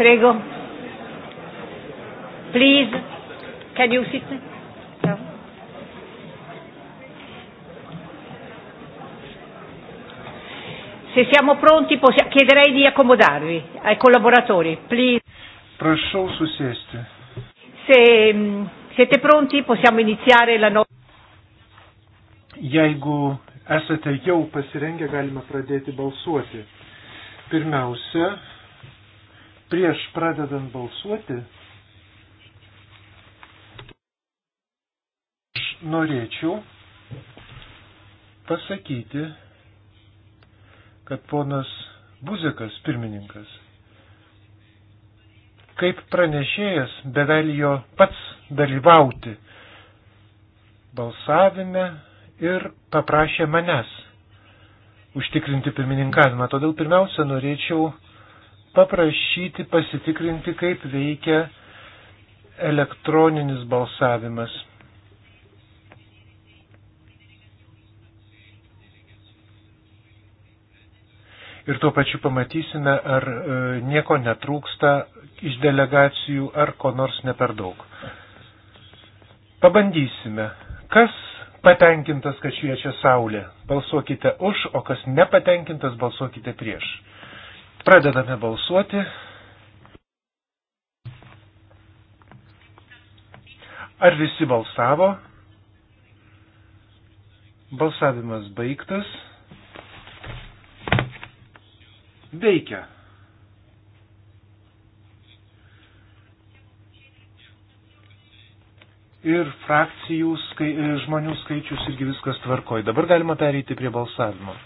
Prego. Please, can you sit? No. Se siamo pronti, posso... chiederei di accomodarvi ai collaboratori. Please. Prašau susėsti. Se mh, mm, siete pronti, possiamo iniziare la nostra. Jeigu esate jau pasirengę, galime pradėti balsuoti. Pirmiausia, prieš pradedant balsuoti, aš norėčiau pasakyti, kad ponas Buzikas, pirmininkas, kaip pranešėjas bevelijo pats dalyvauti balsavime ir paprašė manęs užtikrinti pirmininkavimą. Todėl pirmiausia norėčiau paprašyti pasitikrinti, kaip veikia elektroninis balsavimas. Ir tuo pačiu pamatysime, ar e, nieko netrūksta iš delegacijų, ar ko nors ne per daug. Pabandysime. Kas patenkintas, kad šviečia saulė? Balsuokite už, o kas nepatenkintas, balsuokite prieš. Pradedame balsuoti. Ar visi balsavo? Balsavimas baigtas. Veikia. Ir frakcijų skai, žmonių skaičius irgi viskas tvarkoj. Dabar galima pereiti prie balsavimo.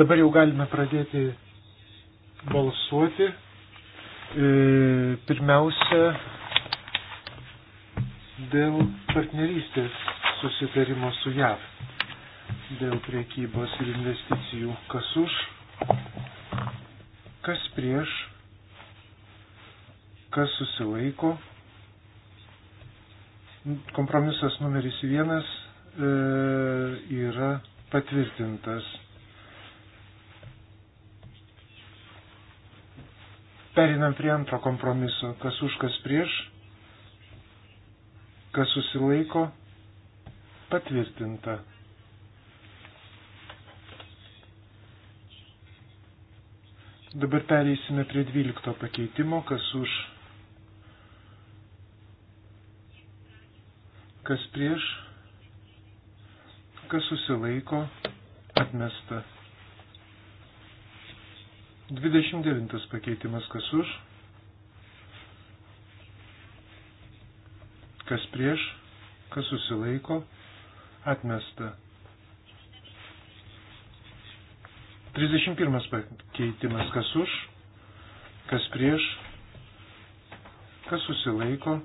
Dabar jau galime pradėti balsuoti. E, pirmiausia, dėl partnerystės susitarimo su JAV, dėl priekybos ir investicijų, kas už, kas prieš, kas susilaiko. Kompromisas numeris vienas e, yra patvirtintas. Perinam prie antro kompromiso. Kas už, kas prieš, kas susilaiko, patvirtinta. Dabar pereisime prie dvylikto pakeitimo, kas už, kas prieš, kas susilaiko, atmesta. 29 pakeitimas kas už, kas prieš, kas susilaiko, atmesta. 31 pakeitimas kas už, kas prieš, kas susilaiko.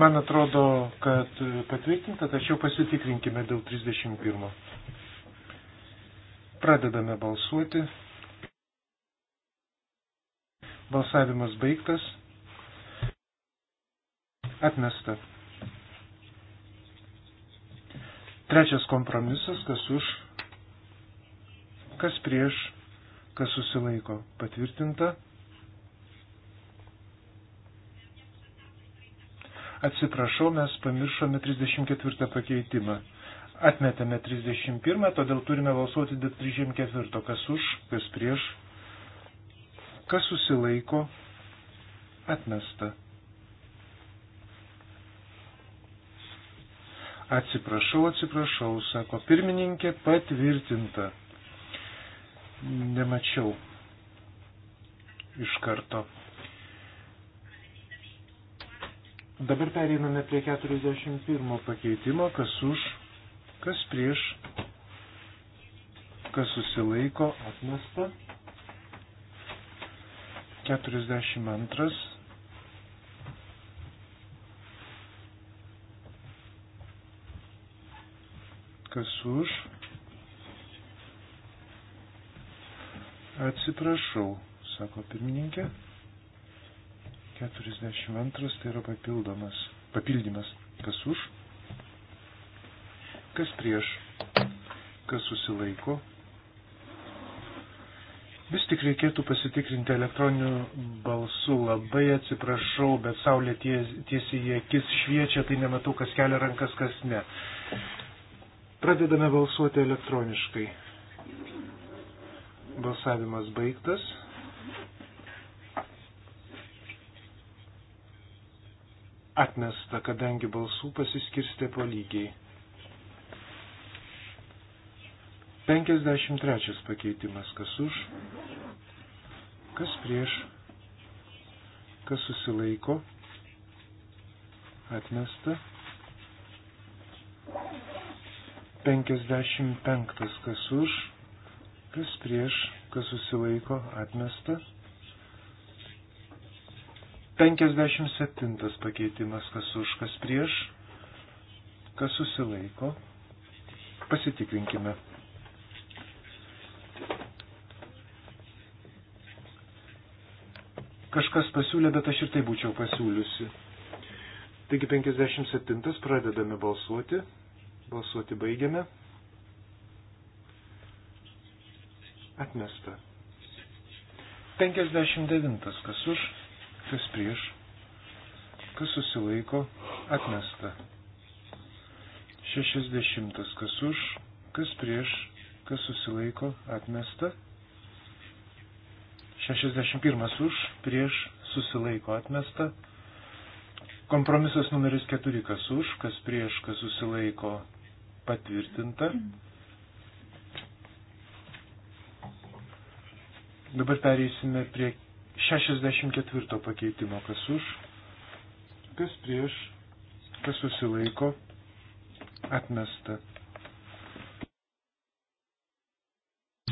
Man atrodo, kad patvirtinta, tačiau pasitikrinkime dėl 31. Pradedame balsuoti. Balsavimas baigtas. Atmesta. Trečias kompromisas, kas už, kas prieš, kas susilaiko. Patvirtinta. Atsiprašau, mes pamiršome 34 pakeitimą. Atmetėme 31, todėl turime balsuoti dėl 34, kas už, kas prieš, Kas susilaiko? Atmesta. Atsiprašau, atsiprašau, sako pirmininkė patvirtinta. Nemačiau iš karto. Dabar pereiname prie 41 pakeitimo, kas už, kas prieš, kas susilaiko, atmesta. 42. Kas už? Atsiprašau, sako pirmininkė. 42 tai yra papildomas, papildymas. Kas už? Kas prieš? Kas susilaiko? Vis tik reikėtų pasitikrinti elektroniniu balsu. Labai atsiprašau, bet saulė tiesiai į akis šviečia, tai nematau, kas kelia rankas, kas ne. Pradedame balsuoti elektroniškai. Balsavimas baigtas. Atmesta, kadangi balsų pasiskirstė po lygiai. 53 pakeitimas, kas už, kas prieš, kas susilaiko, atmesta. 55 kas už, kas prieš, kas susilaiko, atmesta. 57 pakeitimas, kas už, kas prieš, kas susilaiko. Pasitikrinkime. kažkas pasiūlė, bet aš ir tai būčiau pasiūliusi. Taigi 57 pradedame balsuoti. Balsuoti baigiame. Atmesta. 59. Kas už, kas prieš, kas susilaiko, atmesta. 60. Kas už, kas prieš, kas susilaiko, atmesta. 61 už, prieš, susilaiko atmesta. Kompromisas numeris 4, kas už, kas prieš, kas susilaiko patvirtinta. Dabar pereisime prie 64 pakeitimo, kas už, kas prieš, kas susilaiko atmesta.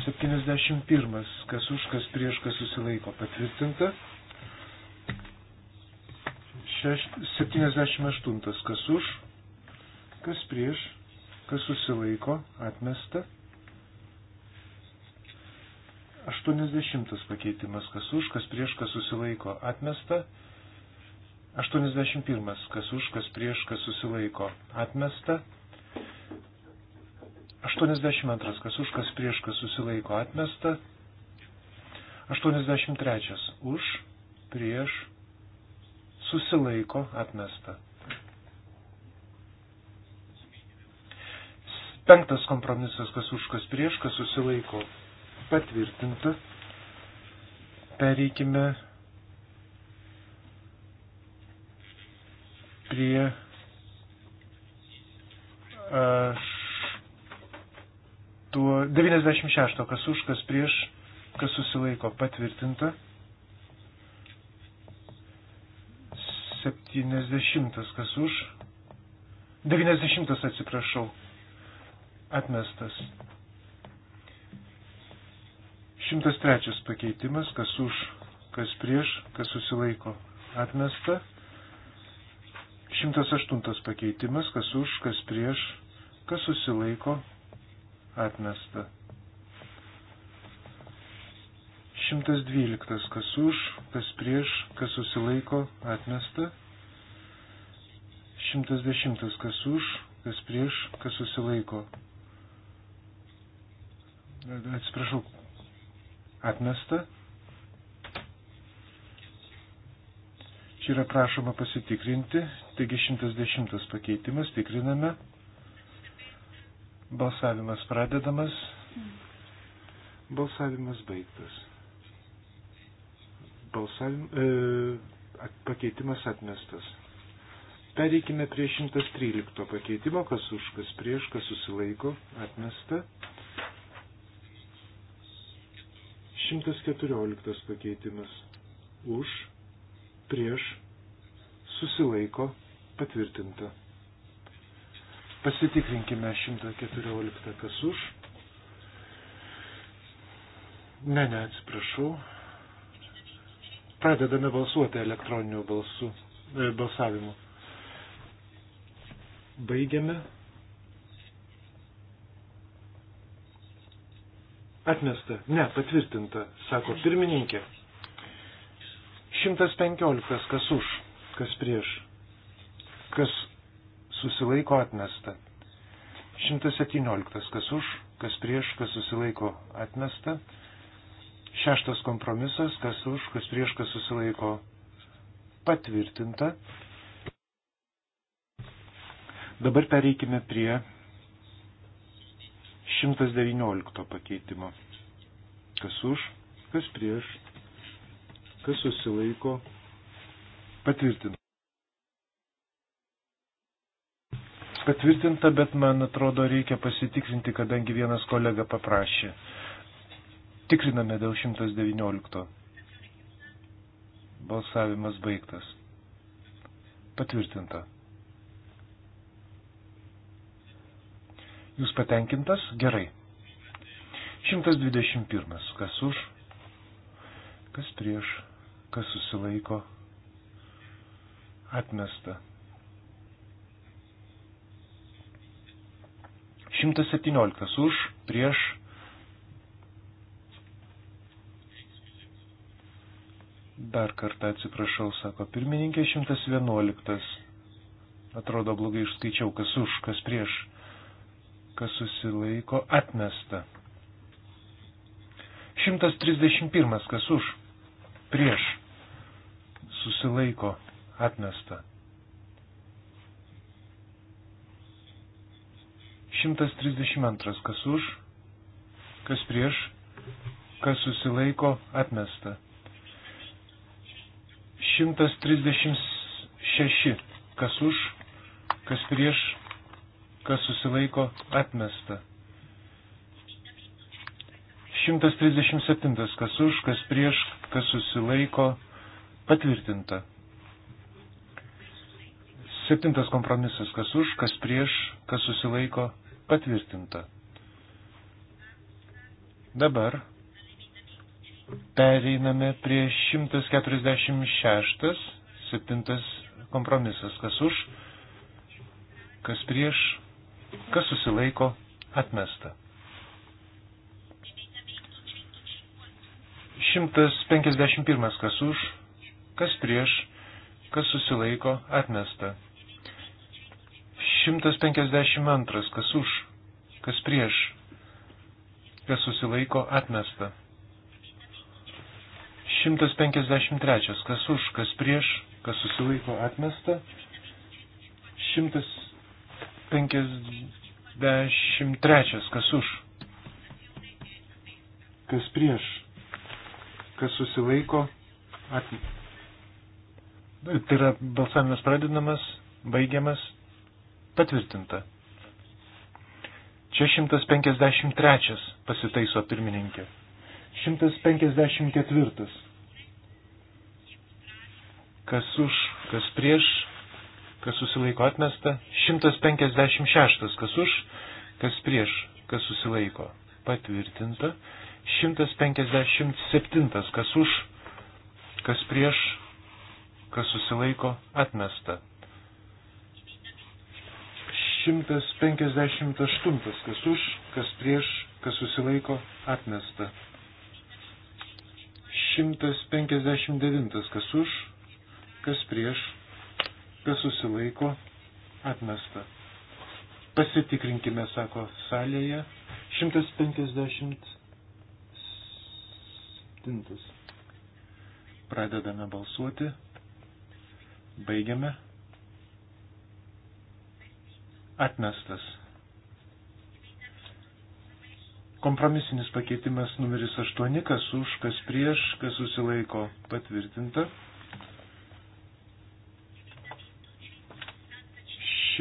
71. Kas už, kas prieš, kas susilaiko patvirtinta. 78. Kas už, kas prieš, kas susilaiko atmesta. 80. Pakeitimas. Kas už, kas prieš, kas susilaiko atmesta. 81. Kas už, kas prieš, kas susilaiko atmesta. 82. Kas už, kas prieš, kas susilaiko atmesta. 83. Už, prieš, susilaiko atmesta. Penktas kompromisas, kas už, kas prieš, kas susilaiko patvirtinta. Pereikime prie aš 96, kas už, kas prieš, kas susilaiko patvirtinta. 70, kas už. 90, atsiprašau, atmestas. 103 pakeitimas, kas už, kas prieš, kas susilaiko atmesta. 108 pakeitimas, kas už, kas prieš, kas susilaiko atmesta. 112. Kas už, kas prieš, kas susilaiko, atmesta. 110. Kas už, kas prieš, kas susilaiko. Atsiprašau, atmesta. Čia yra prašoma pasitikrinti, taigi 110 pakeitimas, tikriname. Balsavimas pradedamas. Balsavimas baigtas. Balsavim, e, pakeitimas atmestas. Pereikime prie 113 pakeitimo, kas už, kas prieš, kas susilaiko, atmesta. 114 pakeitimas. Už, prieš, susilaiko, patvirtinta. Pasitikrinkime 114, kas už. Ne, ne, atsiprašau. Pradedame balsuoti elektroniniu balsu, e, balsavimu. Baigiame. Atmesta. Ne, patvirtinta, sako pirmininkė. 115. Kas už, kas prieš, kas susilaiko atmesta. 117. Kas už, kas prieš, kas susilaiko atmesta. Šeštas kompromisas, kas už, kas prieš, kas susilaiko patvirtinta. Dabar pereikime prie 119 pakeitimo. Kas už, kas prieš, kas susilaiko patvirtinta. patvirtinta, bet man atrodo reikia pasitikrinti, kadangi vienas kolega paprašė. Tikriname dėl 119. Balsavimas baigtas. Patvirtinta. Jūs patenkintas? Gerai. 121. Kas už? Kas prieš? Kas susilaiko? Atmesta. 117 už, prieš. Dar kartą atsiprašau, sako pirmininkė 111. Atrodo blogai išskaičiau, kas už, kas prieš, kas susilaiko atmesta. 131. Kas už, prieš, susilaiko atmesta. 132. Kas už, kas prieš, kas susilaiko, atmesta. 136. Kas už, kas prieš, kas susilaiko, atmesta. 137. Kas už, kas prieš, kas susilaiko, patvirtinta. Septintas kompromisas. Kas už, kas prieš, kas susilaiko, Patvirtinta. Dabar pereiname prie 146, 7 kompromisas. Kas už, kas prieš, kas susilaiko, atmesta. 151 kas už, kas prieš, kas susilaiko, atmesta. 152 kas už, kas prieš, kas susilaiko atmesta. 153. Kas už, kas prieš, kas susilaiko atmesta. 153. Kas už, kas prieš, kas susilaiko atmesta. Tai yra balsavimas pradedamas, baigiamas, patvirtinta. 653 pasitaiso pirmininkė. 154. Kas už, kas prieš, kas susilaiko atmesta. 156. Kas už, kas prieš, kas susilaiko patvirtinta. 157. Kas už, kas prieš, kas susilaiko atmesta. 158. Kas už, kas prieš, kas susilaiko, atmesta. 159. Kas už, kas prieš, kas susilaiko, atmesta. Pasitikrinkime, sako salėje. 157. Pradedame balsuoti. Baigiame atmestas. Kompromisinis pakeitimas numeris 8, kas už, kas prieš, kas susilaiko patvirtinta.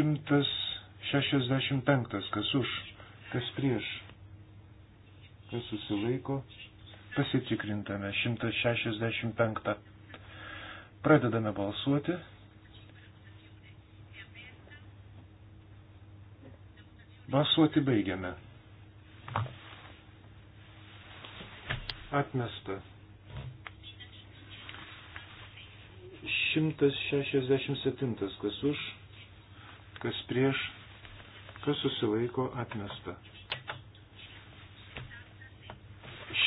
165, kas už, kas prieš, kas susilaiko, pasitikrintame 165. Pradedame balsuoti. Balsuoti baigiame. Atmesta. 167. Kas už, kas prieš, kas susilaiko atmesta.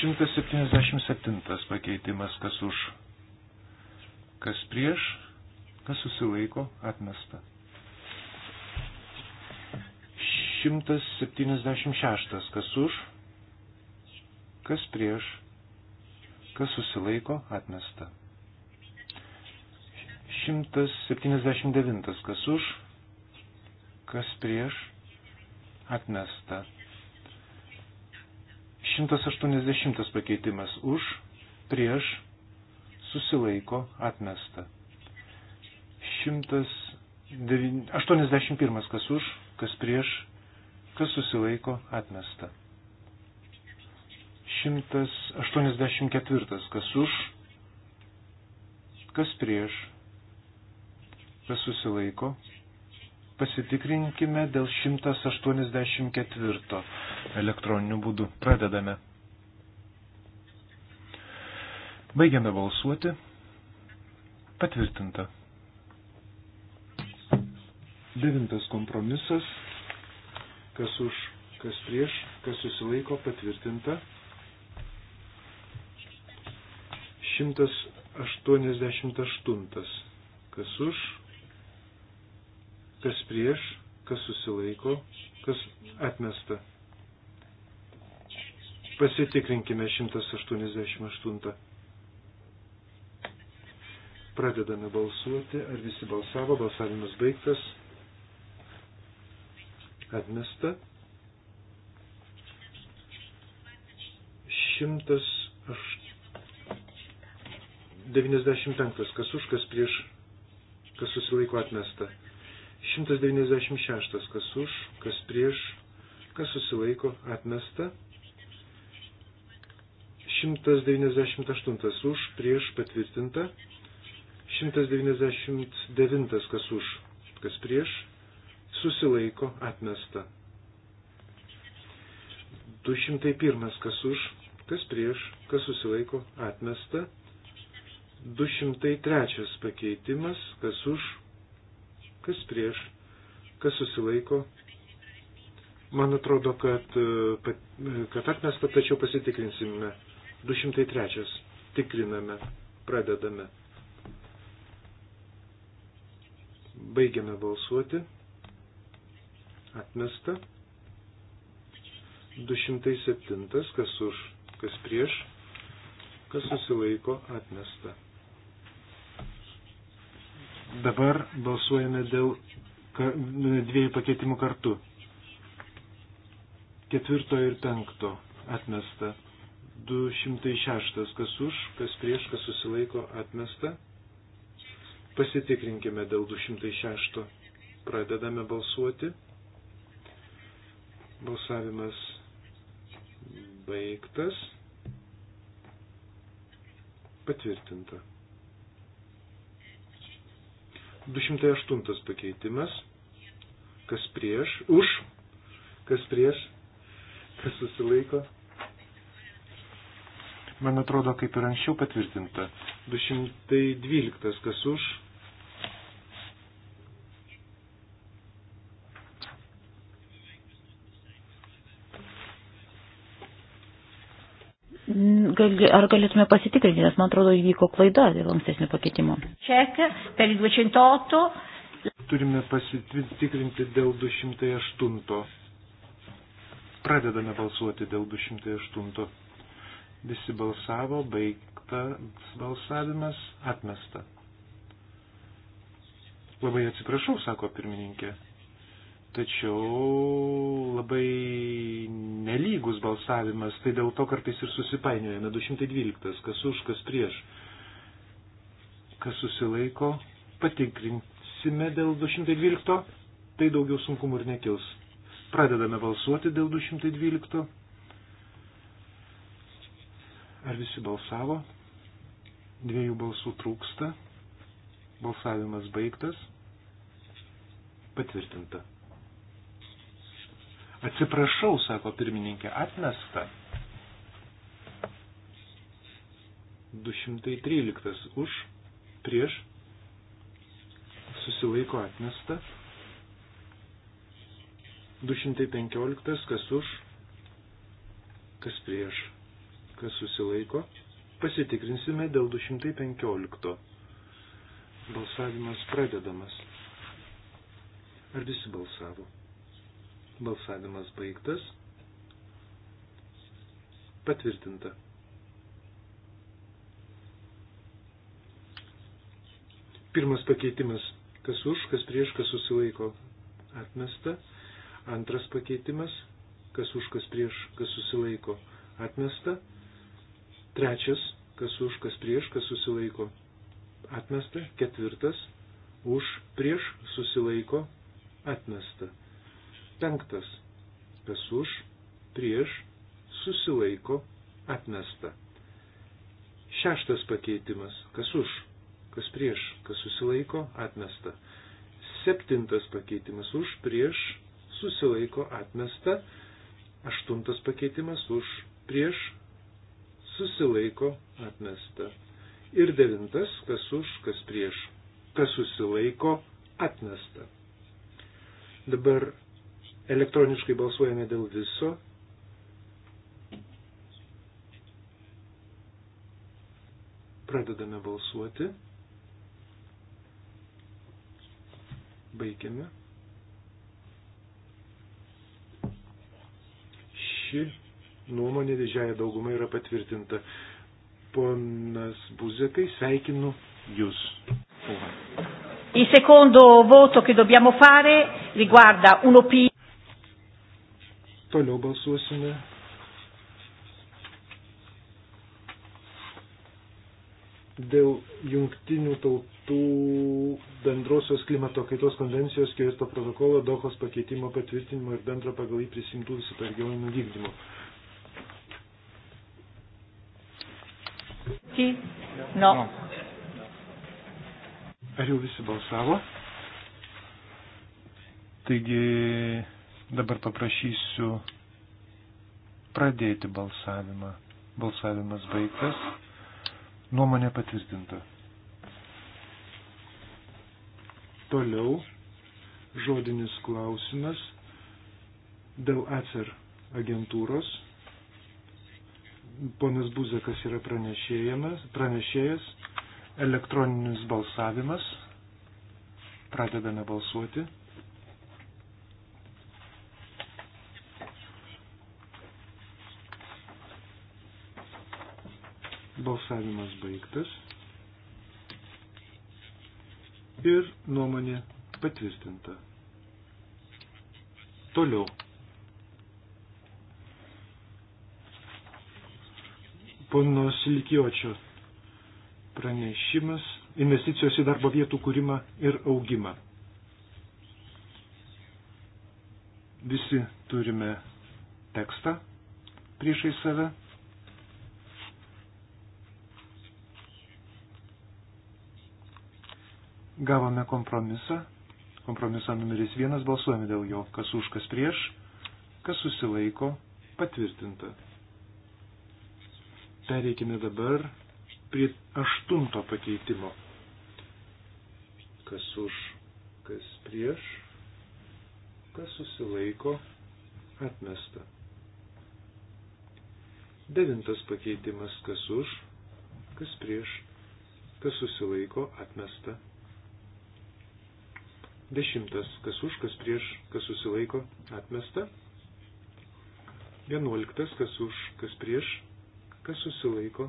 177 pakeitimas, kas už, kas prieš, kas susilaiko atmesta. 176. Kas už, kas prieš, kas susilaiko, atmesta. 179. Kas už, kas prieš, atmesta. 180 pakeitimas už, prieš, susilaiko, atmesta. 181 kas už, kas prieš, kas susilaiko atmesta. 184. Kas už, kas prieš, kas susilaiko. Pasitikrinkime dėl 184 elektroniniu būdu. Pradedame. Baigiame balsuoti. Patvirtinta. Devintas kompromisas kas už, kas prieš, kas susilaiko patvirtinta. 188. Kas už, kas prieš, kas susilaiko, kas atmesta. Pasitikrinkime 188. Pradedame balsuoti, ar visi balsavo, balsavimas baigtas atmesta. 195, kas už, kas prieš, kas susilaiko atmesta. 196, kas už, kas prieš, kas susilaiko atmesta. 198 už, prieš patvirtinta. 199 kas už, kas prieš, susilaiko atmesta. 201 kas už, kas prieš, kas susilaiko atmesta. 203 pakeitimas, kas už, kas prieš, kas susilaiko. Man atrodo, kad, e, e, kad atmesta, tačiau pasitikrinsime. 203 tikriname, pradedame. Baigiame balsuoti atmesta. 207, kas už, kas prieš, kas susilaiko, atmesta. Dabar balsuojame dėl dviejų pakeitimų kartu. Ketvirto ir penkto atmesta. 206, kas už, kas prieš, kas susilaiko, atmesta. Pasitikrinkime dėl 206. Pradedame balsuoti. Balsavimas baigtas. Patvirtinta. 208 pakeitimas. Kas prieš? Už. Kas prieš? Kas susilaiko? Man atrodo, kaip ir anksčiau patvirtinta. 212 kas už, gali, ar galėtume pasitikrinti, nes man atrodo įvyko klaida dėl ankstesnio pakeitimo. Ček, per 208. Turime pasitikrinti dėl 208. Pradedame balsuoti dėl 208. Visi balsavo, baigtas balsavimas, atmesta. Labai atsiprašau, sako pirmininkė tačiau labai nelygus balsavimas, tai dėl to kartais ir susipainiojame. 212, kas už, kas prieš, kas susilaiko, patikrinsime dėl 212, tai daugiau sunkumų ir nekils. Pradedame balsuoti dėl 212. Ar visi balsavo? Dviejų balsų trūksta. Balsavimas baigtas. Patvirtinta. Atsiprašau, sako pirmininkė, atmesta. 213 už, prieš, susilaiko atmesta. 215 kas už, kas prieš, kas susilaiko. Pasitikrinsime dėl 215. Balsavimas pradedamas. Ar visi balsavo? Balsavimas baigtas. Patvirtinta. Pirmas pakeitimas. Kas už, kas prieš, kas susilaiko. Atmesta. Antras pakeitimas. Kas už, kas prieš, kas susilaiko. Atmesta. Trečias. Kas už, kas prieš, kas susilaiko. Atmesta. Ketvirtas. Už, prieš, susilaiko. Atmesta penktas, kas už, prieš, susilaiko, atmesta. Šeštas pakeitimas, kas už, kas prieš, kas susilaiko, atmesta. Septintas pakeitimas už, prieš, susilaiko, atmesta. Aštuntas pakeitimas už, prieš, susilaiko, atmesta. Ir devintas, kas už, kas prieš, kas susilaiko, atmesta. Dabar Elektroniškai balsuojame dėl viso. Pradedame balsuoti. Baigiame. Ši nuomonė didžiaja dauguma yra patvirtinta. Ponas Buzekai, sveikinu Jūs. Il secondo voto che dobbiamo fare riguarda un'opinione. Toliau balsuosime. Dėl jungtinių tautų bendrosios klimato kaitos konvencijos Kyoto protokolo Dohos pakeitimo patvirtinimo ir bendro pagal jį prisimtų įsipareigojimų vykdymo. No. Ar jau visi balsavo? Taigi Dabar paprašysiu pradėti balsavimą. Balsavimas baigtas. Nuomonė patvirtinta. Toliau žodinis klausimas dėl ACER agentūros. Ponas Buzekas yra pranešėjas. Elektroninis balsavimas. Pradedame balsuoti. Balsavimas baigtas. Ir nuomonė patvirtinta. Toliau. Pono Silikiočio pranešimas investicijos į darbo vietų kūrimą ir augimą. Visi turime tekstą priešai save. Gavome kompromisą. Kompromiso numeris vienas balsuojame dėl jo. Kas už, kas prieš, kas susilaiko, patvirtinta. Pereikime dabar prie aštunto pakeitimo. Kas už, kas prieš, kas susilaiko, atmesta. Devintas pakeitimas, kas už, kas prieš, kas susilaiko, atmesta. Dešimtas, kas už, kas prieš, kas susilaiko, atmesta. Vienuoliktas, kas už, kas prieš, kas susilaiko,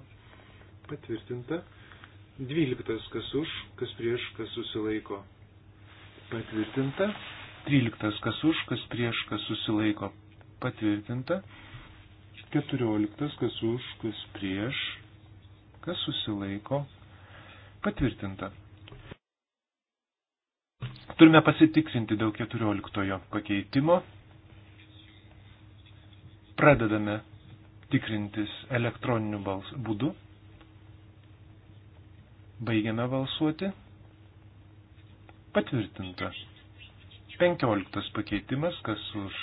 patvirtinta. Dvyliktas, kas už, kas prieš, kas susilaiko, patvirtinta. Tryliktas, kas už, kas prieš, kas susilaiko, patvirtinta. Keturioliktas, kas už, kas prieš, kas susilaiko, patvirtinta. Turime pasitikrinti dėl 14 pakeitimo. Pradedame tikrintis elektroniniu bals būdu. Baigiame balsuoti. Patvirtinta. 15 pakeitimas, kas už,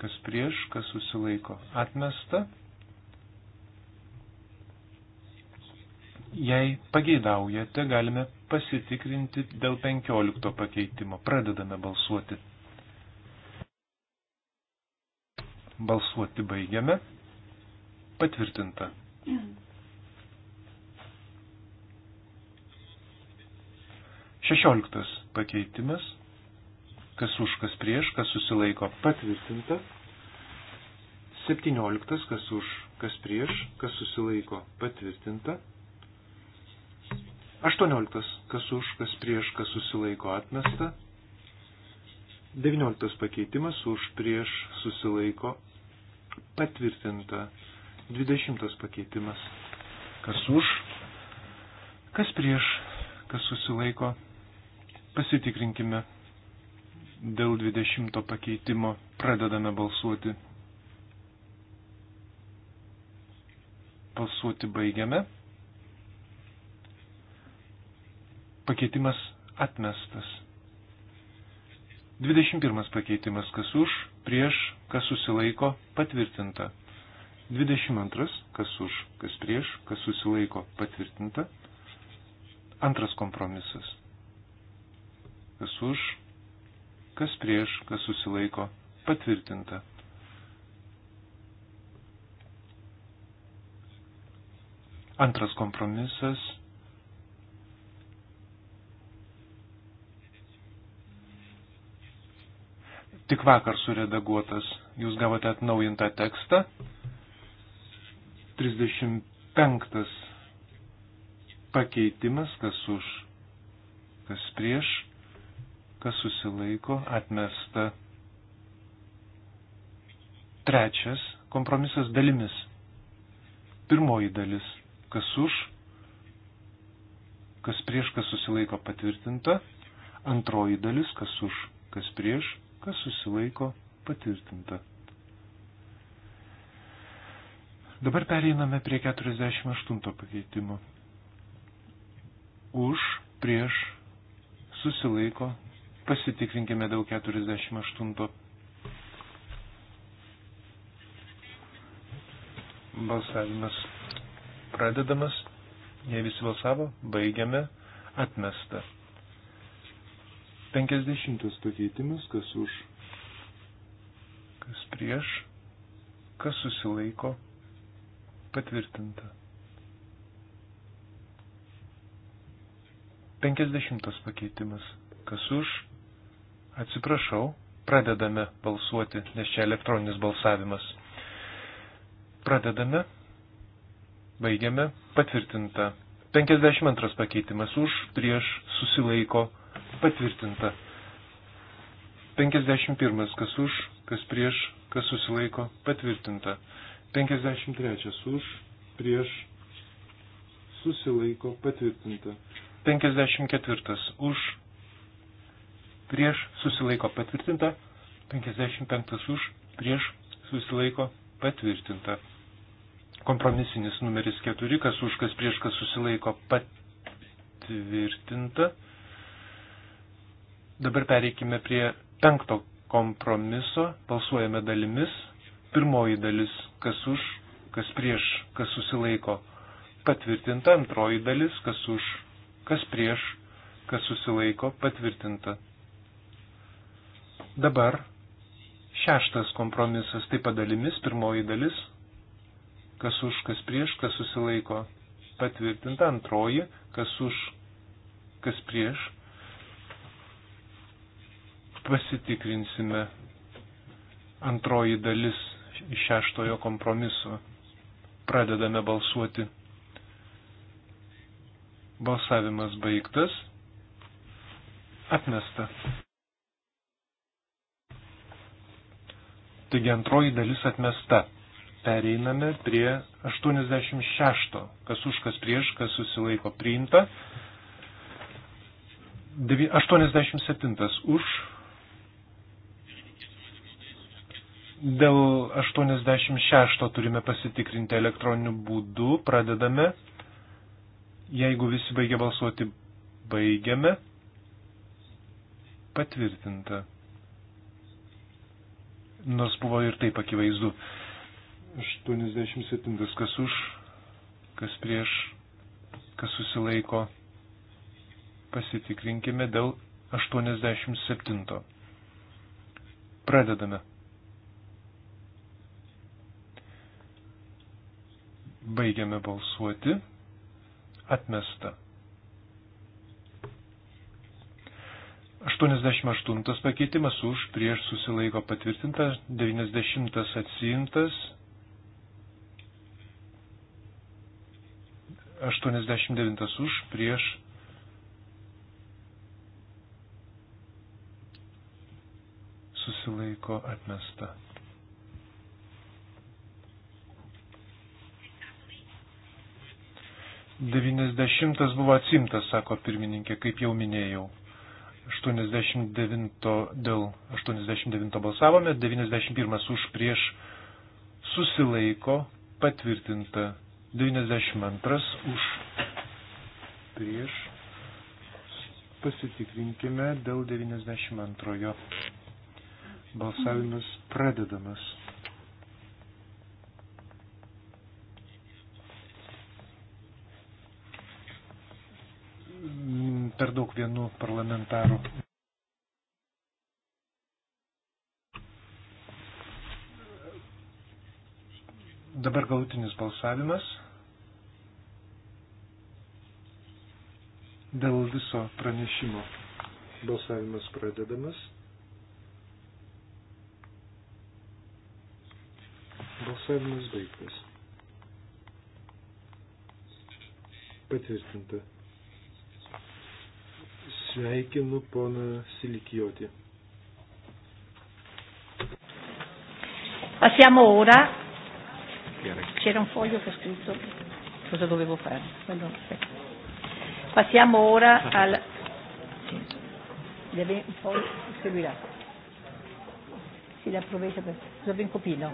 kas prieš, kas susilaiko. Atmesta. Jei pageidaujate, galime pasitikrinti dėl 15 pakeitimo. Pradedame balsuoti. Balsuoti baigiame. Patvirtinta. Šešioliktas pakeitimas. Kas už, kas prieš, kas susilaiko. Patvirtinta. Septynioliktas, kas už, kas prieš, kas susilaiko. Patvirtinta. 18. Kas už, kas prieš, kas susilaiko atmesta. 19. Pakeitimas už, prieš, susilaiko patvirtinta. 20. Pakeitimas. Kas už, kas prieš, kas susilaiko. Pasitikrinkime. Dėl 20 pakeitimo pradedame balsuoti. Balsuoti baigiame. Pakeitimas atmestas. 21 pakeitimas kas už, prieš, kas susilaiko, patvirtinta. 22 kas už, kas prieš, kas susilaiko, patvirtinta. Antras kompromisas. Kas už, kas prieš, kas susilaiko, patvirtinta. Antras kompromisas tik vakar suredaguotas. Jūs gavote atnaujintą tekstą. 35 pakeitimas, kas už, kas prieš, kas susilaiko, atmesta. Trečias kompromisas dalimis. Pirmoji dalis, kas už, kas prieš, kas susilaiko patvirtinta. Antroji dalis, kas už, kas prieš, kas susilaiko patvirtinta. Dabar pereiname prie 48 pakeitimo. Už, prieš, susilaiko, pasitikrinkime dėl 48. Balsavimas pradedamas, jei visi balsavo, baigiame, atmesta. 50 pakeitimas, kas už, kas prieš, kas susilaiko, patvirtinta. 50 pakeitimas, kas už, atsiprašau, pradedame balsuoti, nes čia elektroninis balsavimas. Pradedame, baigiame, patvirtinta. 52 pakeitimas už, prieš, susilaiko, patvirtinta patvirtinta. 51. Kas už, kas prieš, kas susilaiko, patvirtinta. 53. Už, prieš, susilaiko, patvirtinta. 54. Už, prieš, susilaiko, patvirtinta. 55. Už, prieš, susilaiko, patvirtinta. Kompromisinis numeris 4. Kas už, kas prieš, kas susilaiko, patvirtinta. Dabar pereikime prie penkto kompromiso, balsuojame dalimis. Pirmoji dalis, kas už, kas prieš, kas susilaiko. Patvirtinta antroji dalis, kas už, kas prieš, kas susilaiko, patvirtinta. Dabar šeštas kompromisas, taip padalimis, pirmoji dalis, kas už, kas prieš, kas susilaiko, patvirtinta antroji, kas už, kas prieš, pasitikrinsime antroji dalis iš šeštojo kompromiso. Pradedame balsuoti. Balsavimas baigtas. Atmesta. Taigi antroji dalis atmesta. Pereiname prie 86. Kas už, kas prieš, kas susilaiko priimta. 87. Už, Dėl 86 turime pasitikrinti elektroniniu būdu. Pradedame. Jeigu visi baigia balsuoti, baigiame. Patvirtinta. Nors buvo ir taip akivaizdu. 87. Kas už, kas prieš, kas susilaiko. Pasitikrinkime dėl 87. Pradedame. Baigiame balsuoti. Atmesta. 88 pakeitimas už, prieš susilaiko patvirtintas, 90 atsiimtas, 89 už, prieš susilaiko atmesta. 90 buvo atsimtas, sako pirmininkė, kaip jau minėjau. 89 dėl 89 balsavome, 91 už prieš susilaiko patvirtinta, 92 už prieš pasitikrinkime dėl 92. Balsavimas pradedamas. per daug vienų parlamentarų. Dabar galutinis balsavimas dėl viso pranešimo. Balsavimas pradedamas. Balsavimas baigtas. Patvirtinta. Sveikinu poną Silikijotį. Passiamo ora. C'era un foglio che ho scritto cosa dovevo fare. Quello, Passiamo ora al. Sì. Deve, poi seguirà. Si la provvede per. Cosa ben copino.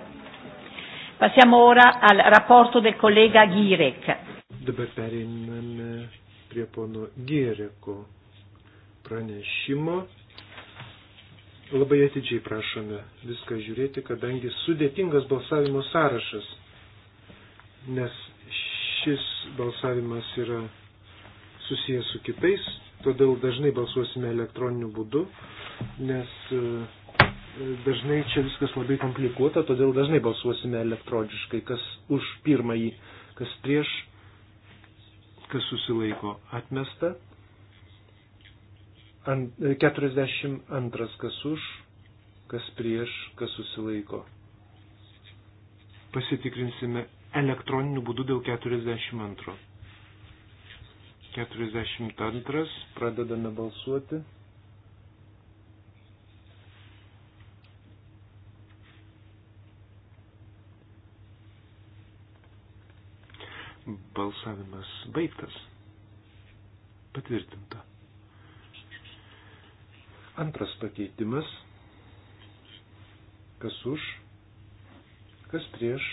Passiamo ora al rapporto del collega Girek. Dabar pereiname prie pono Gireko pranešimo. Labai atidžiai prašome viską žiūrėti, kadangi sudėtingas balsavimo sąrašas, nes šis balsavimas yra susijęs su kitais, todėl dažnai balsuosime elektroniniu būdu, nes e, dažnai čia viskas labai komplikuota, todėl dažnai balsuosime elektroniškai, kas už pirmąjį, kas prieš, kas susilaiko atmesta. 42 e, kas už, kas prieš, kas susilaiko. Pasitikrinsime elektroniniu būdu dėl 42. 42 pradedame balsuoti. Balsavimas baigtas. Patvirtinta. Antras pakeitimas. Kas už, kas prieš,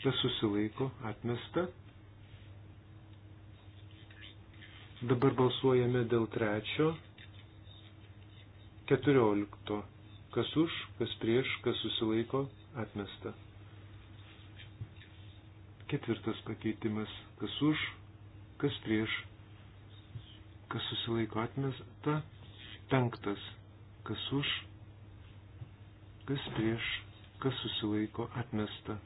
kas susilaiko, atmesta. Dabar balsuojame dėl trečio. Keturiolikto. Kas už, kas prieš, kas susilaiko, atmesta. Ketvirtas pakeitimas. Kas už, kas prieš, kas susilaiko, atmesta penktas, kas už, kas prieš, kas susilaiko atmesta.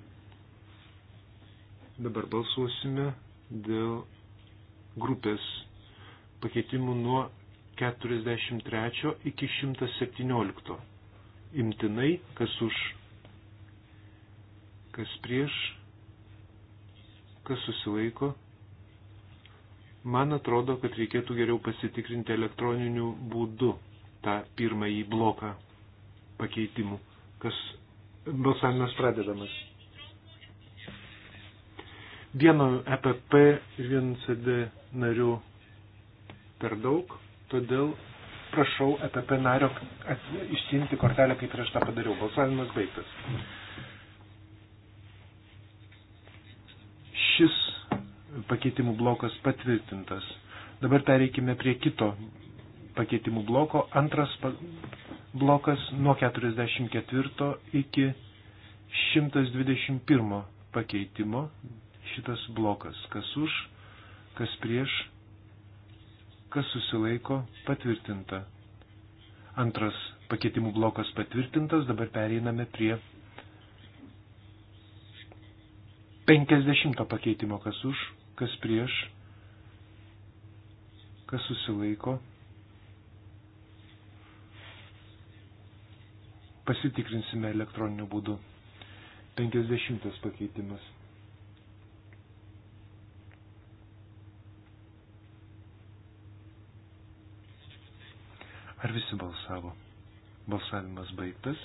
Dabar balsuosime dėl grupės pakeitimų nuo 43 iki 117. Imtinai, kas už, kas prieš, kas susilaiko Man atrodo, kad reikėtų geriau pasitikrinti elektroniniu būdu tą pirmąjį bloką pakeitimų, kas balsavimas pradedamas. Vieno EPP ir vieno CD narių per daug, todėl prašau EPP nario išsiimti kortelę, kaip prieš tą padariau. Balsavimas baigtas. Šis pakeitimų blokas patvirtintas. Dabar pereikime prie kito pakeitimų bloko. Antras blokas nuo 44 iki 121 pakeitimo. Šitas blokas. Kas už, kas prieš, kas susilaiko, patvirtinta. Antras pakeitimų blokas patvirtintas. Dabar pereiname prie 50 pakeitimo. Kas už, kas prieš, kas susilaiko. Pasitikrinsime elektroniniu būdu. 50 pakeitimas. Ar visi balsavo? Balsavimas baigtas.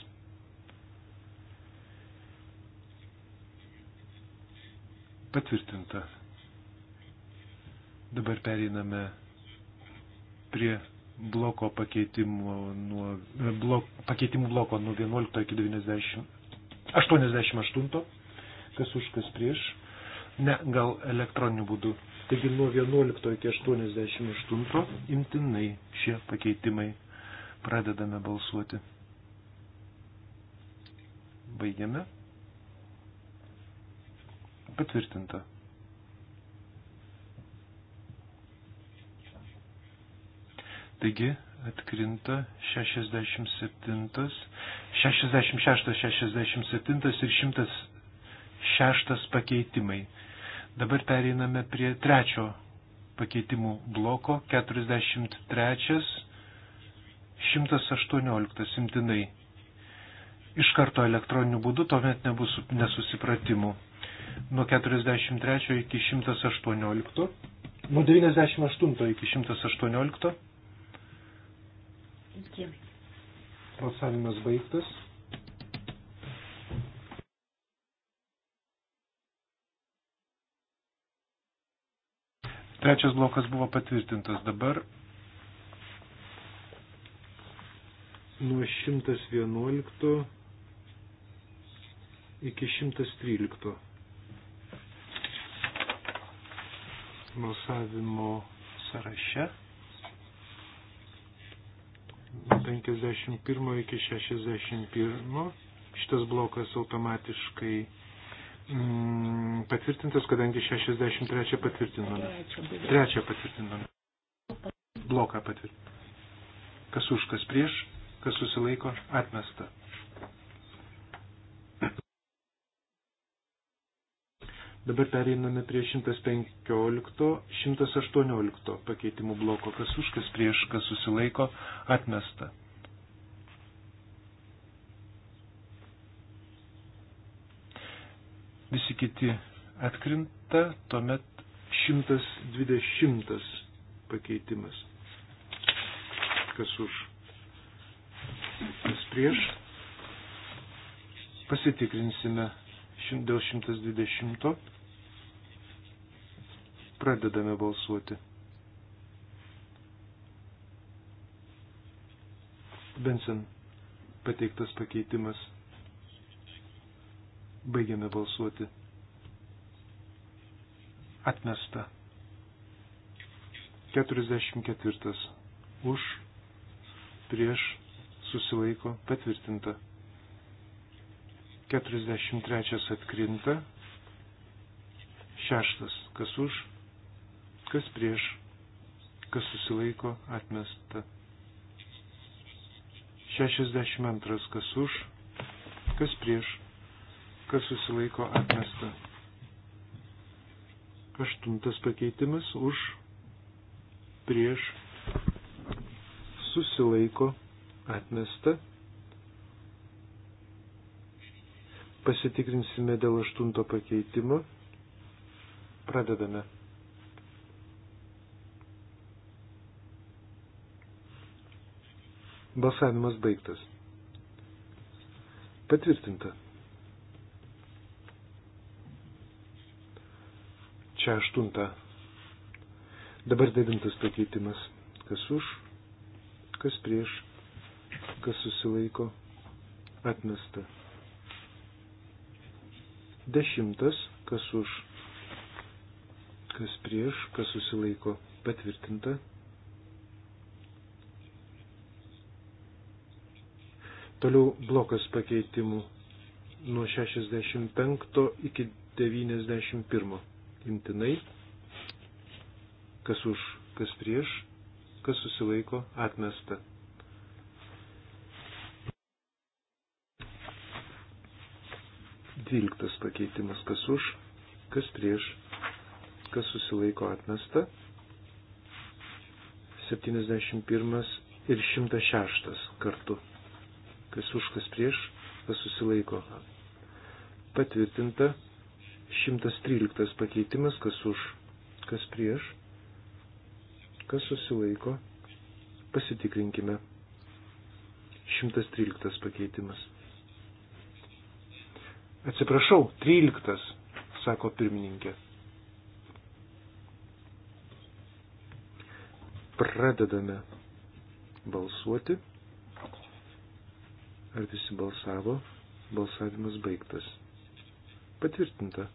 Patvirtinta Dabar pereiname prie bloko pakeitimų, nuo, e, blok, pakeitimų bloko nuo 11 iki 90, 88, kas už, kas prieš. Ne, gal elektroniniu būdu. Taigi nuo 11 iki 88 imtinai šie pakeitimai pradedame balsuoti. Baigiame. Patvirtinta. Taigi atkrinta 67, 66, 67 ir 106 pakeitimai. Dabar pereiname prie trečio pakeitimų bloko 43, 118 simtinai. Iš karto elektroniniu būdu tuomet nebus nesusipratimų. Nuo 43 iki 118, nuo 98 iki 118 Iki. Balsavimas baigtas. Trečias blokas buvo patvirtintas. Dabar nuo 111 iki 113 balsavimo sąraše. 51 iki 61. Šitas blokas automatiškai mm, patvirtintas, kadangi 63 patvirtinome. Trečią patvirtinome. Bloką patvirtinome. Kas už, kas prieš, kas susilaiko, atmesta. Dabar pereiname prie 115-118 pakeitimų bloko. Kas už, kas prieš, kas susilaiko, atmesta. Visi kiti atkrinta, tuomet 120 pakeitimas. Kas už, kas prieš. Pasitikrinsime dėl 120. Pradedame balsuoti. Benson pateiktas pakeitimas. Baigiame balsuoti. Atmesta. 44. Už, prieš, susilaiko, patvirtinta. 43 atkrinta. 6. Kas už, Kas prieš? Kas susilaiko? Atmesta. 62. Kas už? Kas prieš? Kas susilaiko? Atmesta. Aštuntas pakeitimas už prieš susilaiko atmesta. Pasitikrinsime dėl aštunto pakeitimo. Pradedame. Balsavimas baigtas. Patvirtinta. Čia aštunta. Dabar devintas pakeitimas. Kas už, kas prieš, kas susilaiko, atmesta. Dešimtas, kas už, kas prieš, kas susilaiko, patvirtinta. Toliau blokas pakeitimų nuo 65 iki 91. Imtinai, kas už, kas prieš, kas susilaiko, atmesta. Dvyliktas pakeitimas, kas už, kas prieš, kas susilaiko atmesta. 71 ir 106 kartu kas už, kas prieš, kas susilaiko. Patvirtinta 113 pakeitimas, kas už, kas prieš, kas susilaiko. Pasitikrinkime. 113 pakeitimas. Atsiprašau, 13, sako pirmininkė. Pradedame balsuoti. Ar visi balsavo? Balsavimas baigtas. Patvirtinta.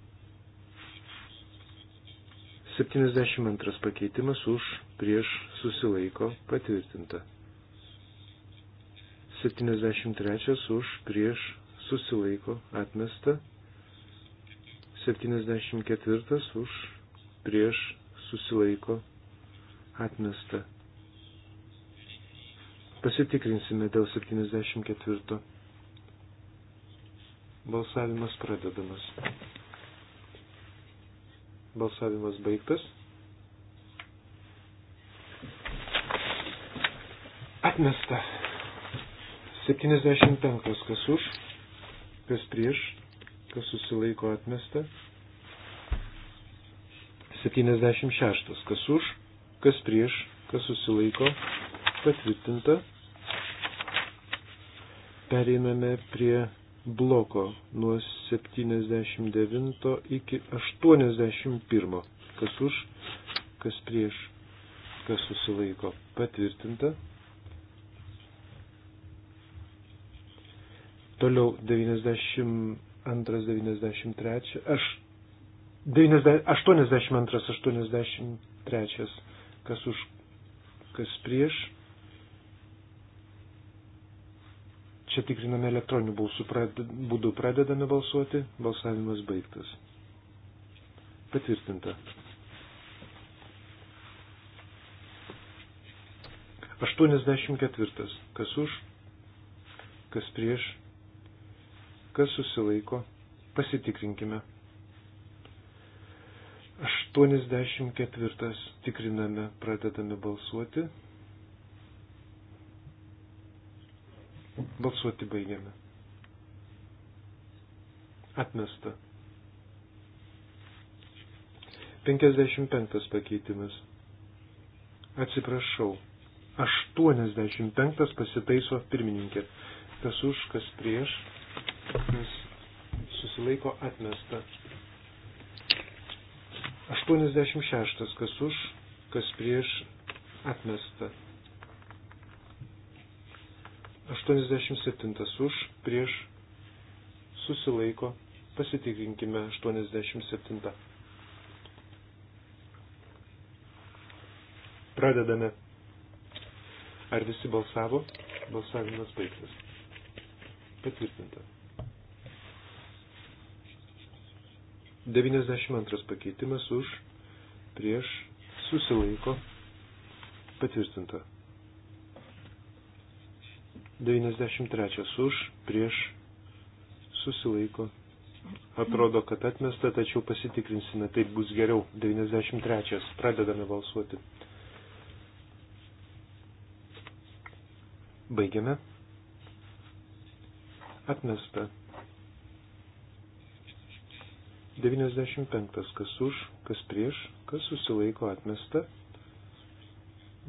72 pakeitimas už prieš susilaiko patvirtinta. 73 už prieš susilaiko atmesta. 74 už prieš susilaiko atmesta. Pasitikrinsime dėl 74. Balsavimas pradedamas. Balsavimas baigtas. Atmesta. 75. Kas už, kas prieš, kas susilaiko atmesta. 76. Kas už, kas prieš, kas susilaiko patvirtinta. Periname prie bloko nuo 79 iki 81. Kas už, kas prieš, kas susilaiko. Patvirtinta. Toliau 92, 93, aš 82, 83, kas už, kas prieš, Čia tikriname elektroniniu būdu. Pradedame balsuoti. Balsavimas baigtas. Patvirtinta. Aštuoniasdešimt ketvirtas. Kas už, kas prieš, kas susilaiko, pasitikrinkime. 84 tikriname, pradedame balsuoti. Balsuoti baigiame. Atmesta. 55 pakeitimas. Atsiprašau. 85 pasitaiso pirmininkė. Kas už, kas prieš, kas susilaiko atmesta. 86 kas už, kas prieš atmesta. 87 už, prieš, susilaiko, pasitikrinkime 87. Pradedame. Ar visi balsavo? Balsavimas baigtas. Patvirtinta. 92 pakeitimas už, prieš, susilaiko, patvirtinta. 93 už, prieš, susilaiko. Atrodo, kad atmesta, tačiau pasitikrinsime, taip bus geriau. 93. Pradedame balsuoti. Baigiame. Atmesta. 95. Kas už, kas prieš, kas susilaiko atmesta.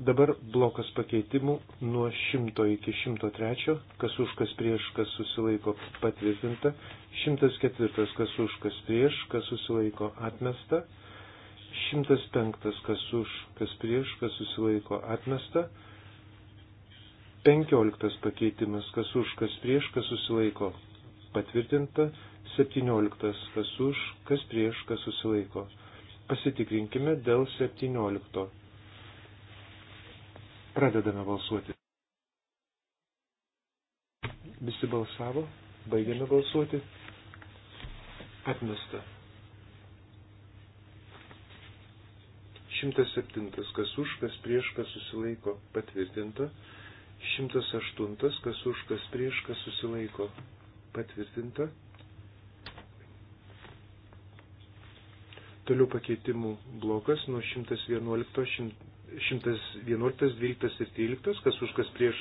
Dabar blokas pakeitimų nuo 100 iki 103, kas už, kas prieš, kas susilaiko patvirtinta, 104, kas už, kas prieš, kas susilaiko atmesta, 105, kas už, kas prieš, kas susilaiko atmesta, 15 pakeitimas, kas už, kas prieš, kas susilaiko patvirtinta, 17, kas už, kas prieš, kas susilaiko. Pasitikrinkime dėl 17. Pradedame balsuoti. Visi balsavo, baigiame balsuoti. Atmesta. 107. Kas už, kas prieš, kas susilaiko, patvirtinta. 108. Kas už, kas prieš, kas susilaiko, patvirtinta. Toliau pakeitimų blokas nuo 111, 111, 12 ir 13, kas už, kas prieš,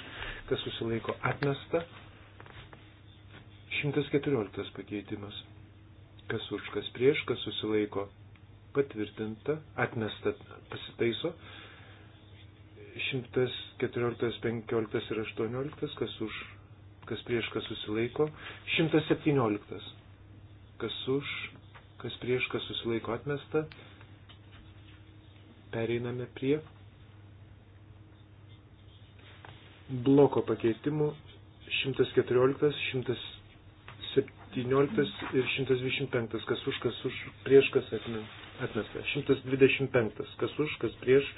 kas susilaiko atmesta. 114 pakeitimas. Kas už, kas prieš, kas susilaiko patvirtinta, atmesta, pasitaiso. 114, 15 ir 18, kas už, kas prieš, kas susilaiko. 117, kas už, kas prieš, kas susilaiko atmesta. Pereiname prie bloko pakeitimų 114, 117 ir 125, kas už, kas už, prieš, kas atmesta. 125, kas už, kas prieš.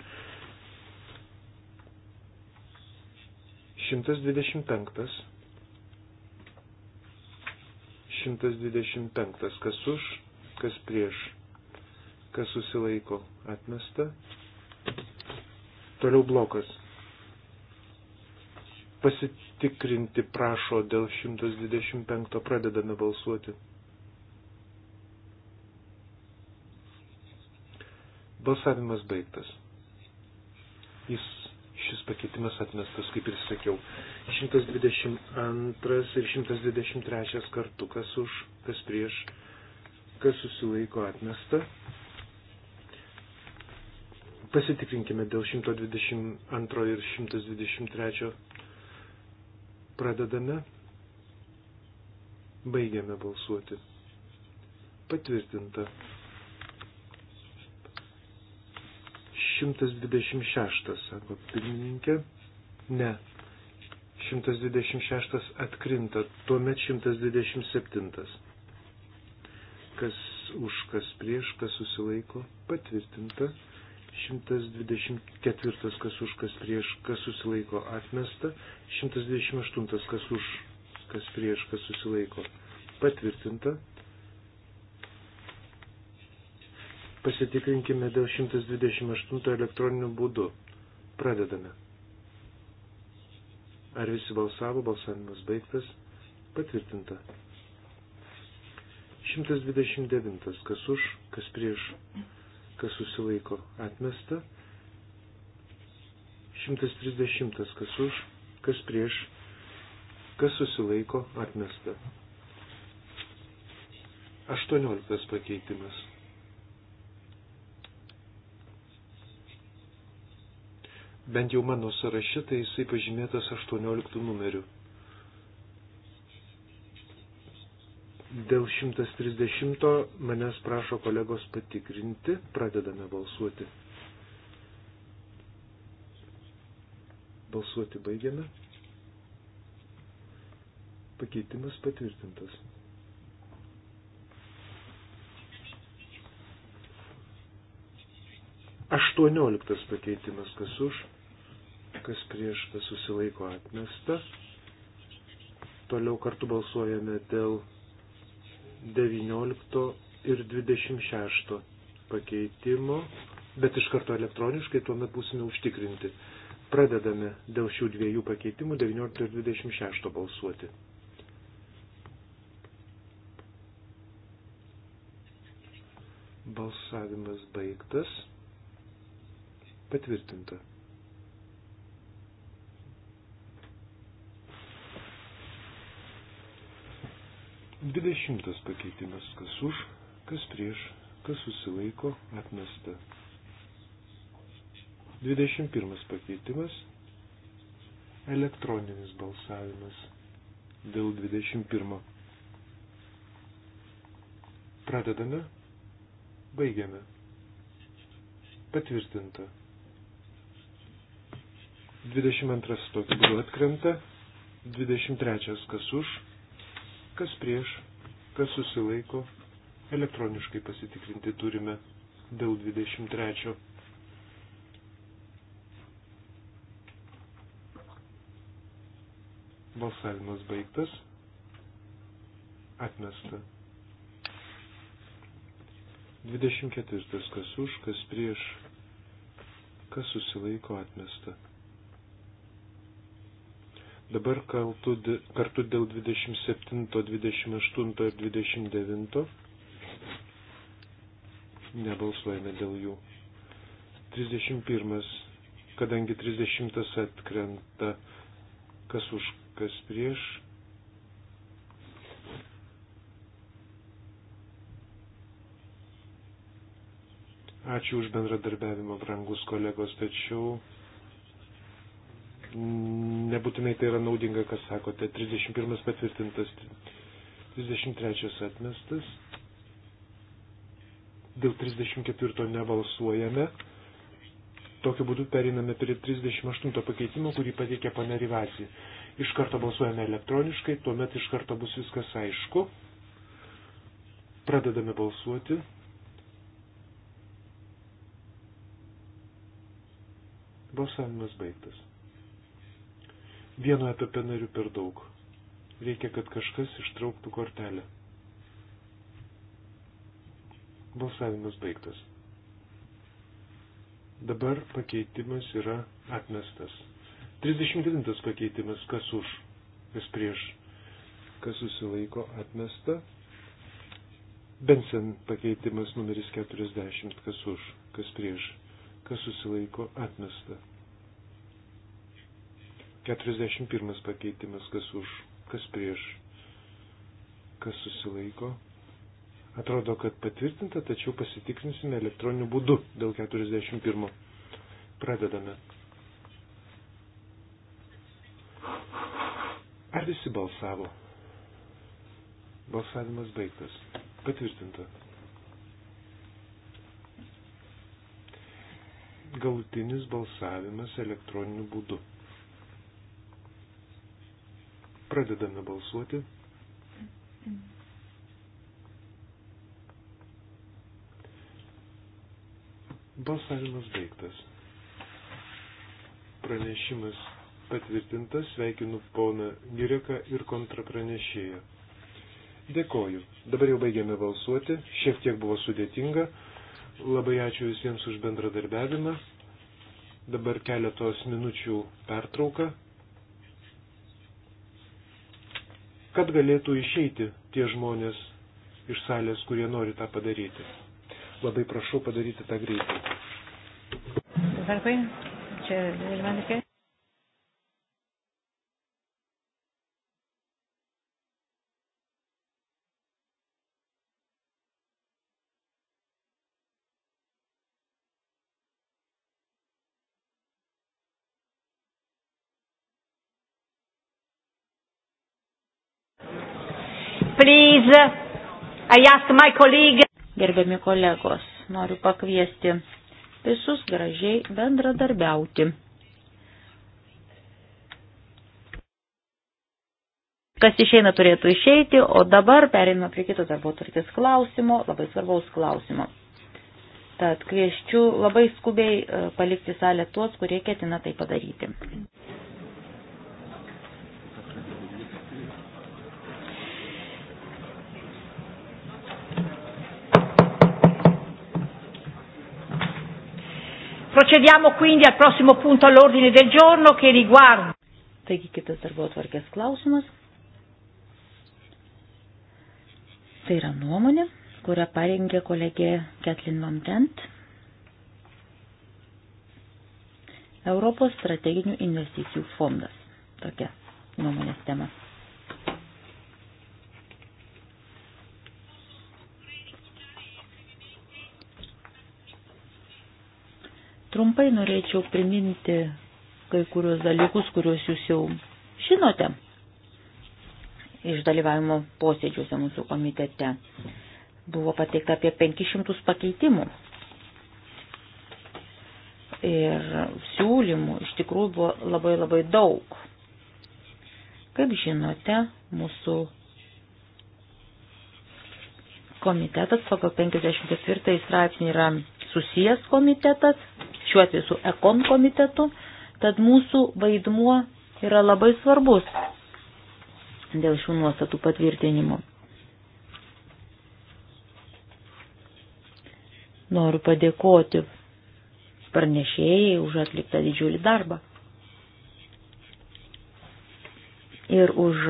125. 125, kas už, kas prieš kas susilaiko atmesta. Toliau blokas. Pasitikrinti prašo dėl 125 pradedame balsuoti. Balsavimas baigtas. Jis šis pakeitimas atmestas, kaip ir sakiau. 122 ir 123 kartu, kas už, kas prieš, kas susilaiko atmesta. Pasitikrinkime dėl 122 ir 123. Pradedame. Baigiame balsuoti. Patvirtinta. 126, sako pirmininkė. Ne. 126 atkrinta, tuomet 127. Kas už, kas prieš, kas susilaiko, patvirtinta. 124 kas už, kas prieš, kas susilaiko atmesta, 128 kas už, kas prieš, kas susilaiko patvirtinta. Pasitikrinkime dėl 128 elektroniniu būdu. Pradedame. Ar visi balsavo, balsavimas baigtas, patvirtinta. 129 kas už, kas prieš, kas susilaiko atmesta. 130 kas už, kas prieš, kas susilaiko atmesta. 18 pakeitimas. Bent jau mano sąraše tai jisai pažymėtas 18 numeriu. Dėl 130 manęs prašo kolegos patikrinti. Pradedame balsuoti. Balsuoti baigiame. Pakeitimas patvirtintas. Aštuonioliktas pakeitimas, kas už, kas prieš, kas susilaiko atmesta. Toliau kartu balsuojame dėl 19 ir 26 pakeitimo, bet iš karto elektroniškai tuomet būsime užtikrinti. Pradedame dėl šių dviejų pakeitimų 19 ir 26 balsuoti. Balsavimas baigtas. Patvirtinta. Dvidešimtas pakeitimas, kas už, kas prieš, kas susilaiko, atmesta. Dvidešimt pirmas pakeitimas, elektroninis balsavimas dėl 21. Pradedame, baigiame. Patvirtinta. 22 tokiu būdu atkrenta, 23 kas už, kas prieš, kas susilaiko, elektroniškai pasitikrinti turime dėl 23. Balsavimas baigtas. Atmesta. 24. Kas už, kas prieš, kas susilaiko atmesta. Dabar kartu dėl 27, 28 ir 29 nebalsuojame dėl jų. 31, kadangi 30 atkrenta, kas už, kas prieš, Ačiū už bendradarbiavimą, brangus kolegos, tačiau Nebūtinai tai yra naudinga, kas sakote. 31 patvirtintas, 33 atmestas. Dėl 34 nevalsuojame. Tokiu būdu periname prie 38 pakeitimo, kurį pateikė pane Rivasi. Iš karto balsuojame elektroniškai, tuomet iš karto bus viskas aišku. Pradedame balsuoti. Balsavimas baigtas. Vienu EPP nariu per daug. Reikia, kad kažkas ištrauktų kortelę. Balsavimas baigtas. Dabar pakeitimas yra atmestas. 39 pakeitimas, kas už, kas prieš, kas susilaiko atmesta. Bensen pakeitimas numeris 40, kas už, kas prieš, kas susilaiko atmesta. 41 pakeitimas, kas už, kas prieš, kas susilaiko. Atrodo, kad patvirtinta, tačiau pasitikrinsime elektroniniu būdu dėl 41. Pradedame. Ar visi balsavo? Balsavimas baigtas. Patvirtinta. Galutinis balsavimas elektroniniu būdu. Pradedame balsuoti. Balsavimas baigtas. Pranešimas patvirtintas, sveikinu poną Gireką ir kontrapranešėją. Dėkoju. Dabar jau baigėme balsuoti, šiek tiek buvo sudėtinga. Labai ačiū visiems už bendradarbiavimą. Dabar keletos minučių pertrauka. kad galėtų išeiti tie žmonės iš salės, kurie nori tą padaryti. Labai prašau padaryti tą greitai. Dziękuję. Czy będzie pan Gerbiami kolegos, noriu pakviesti visus gražiai bendradarbiauti. Kas išeina turėtų išeiti, o dabar perėmime prie kito darbo turtis klausimo, labai svarbaus klausimo. Tad kvieščiu labai skubiai e, palikti salę tuos, kurie ketina tai padaryti. Procediamo quindi al prossimo punto all'ordine del giorno che riguarda. Taigi kitas darbotvarkės klausimas. Tai yra nuomonė, kurią parengė kolegė Ketlin Mamtent. Europos strateginių investicijų fondas. Tokia nuomonės tema. Trumpai norėčiau priminti kai kurios dalykus, kuriuos jūs jau žinote iš dalyvavimo posėdžiuose mūsų komitete. Buvo pateikta apie 500 pakeitimų. Ir siūlymų iš tikrųjų buvo labai labai daug. Kaip žinote, mūsų komitetas pagal 54 straipsnį yra susijęs komitetas šiuo atveju su ekon komitetu, tad mūsų vaidmuo yra labai svarbus dėl šių nuostatų patvirtinimo. Noriu padėkoti pranešėjai už atliktą didžiulį darbą ir už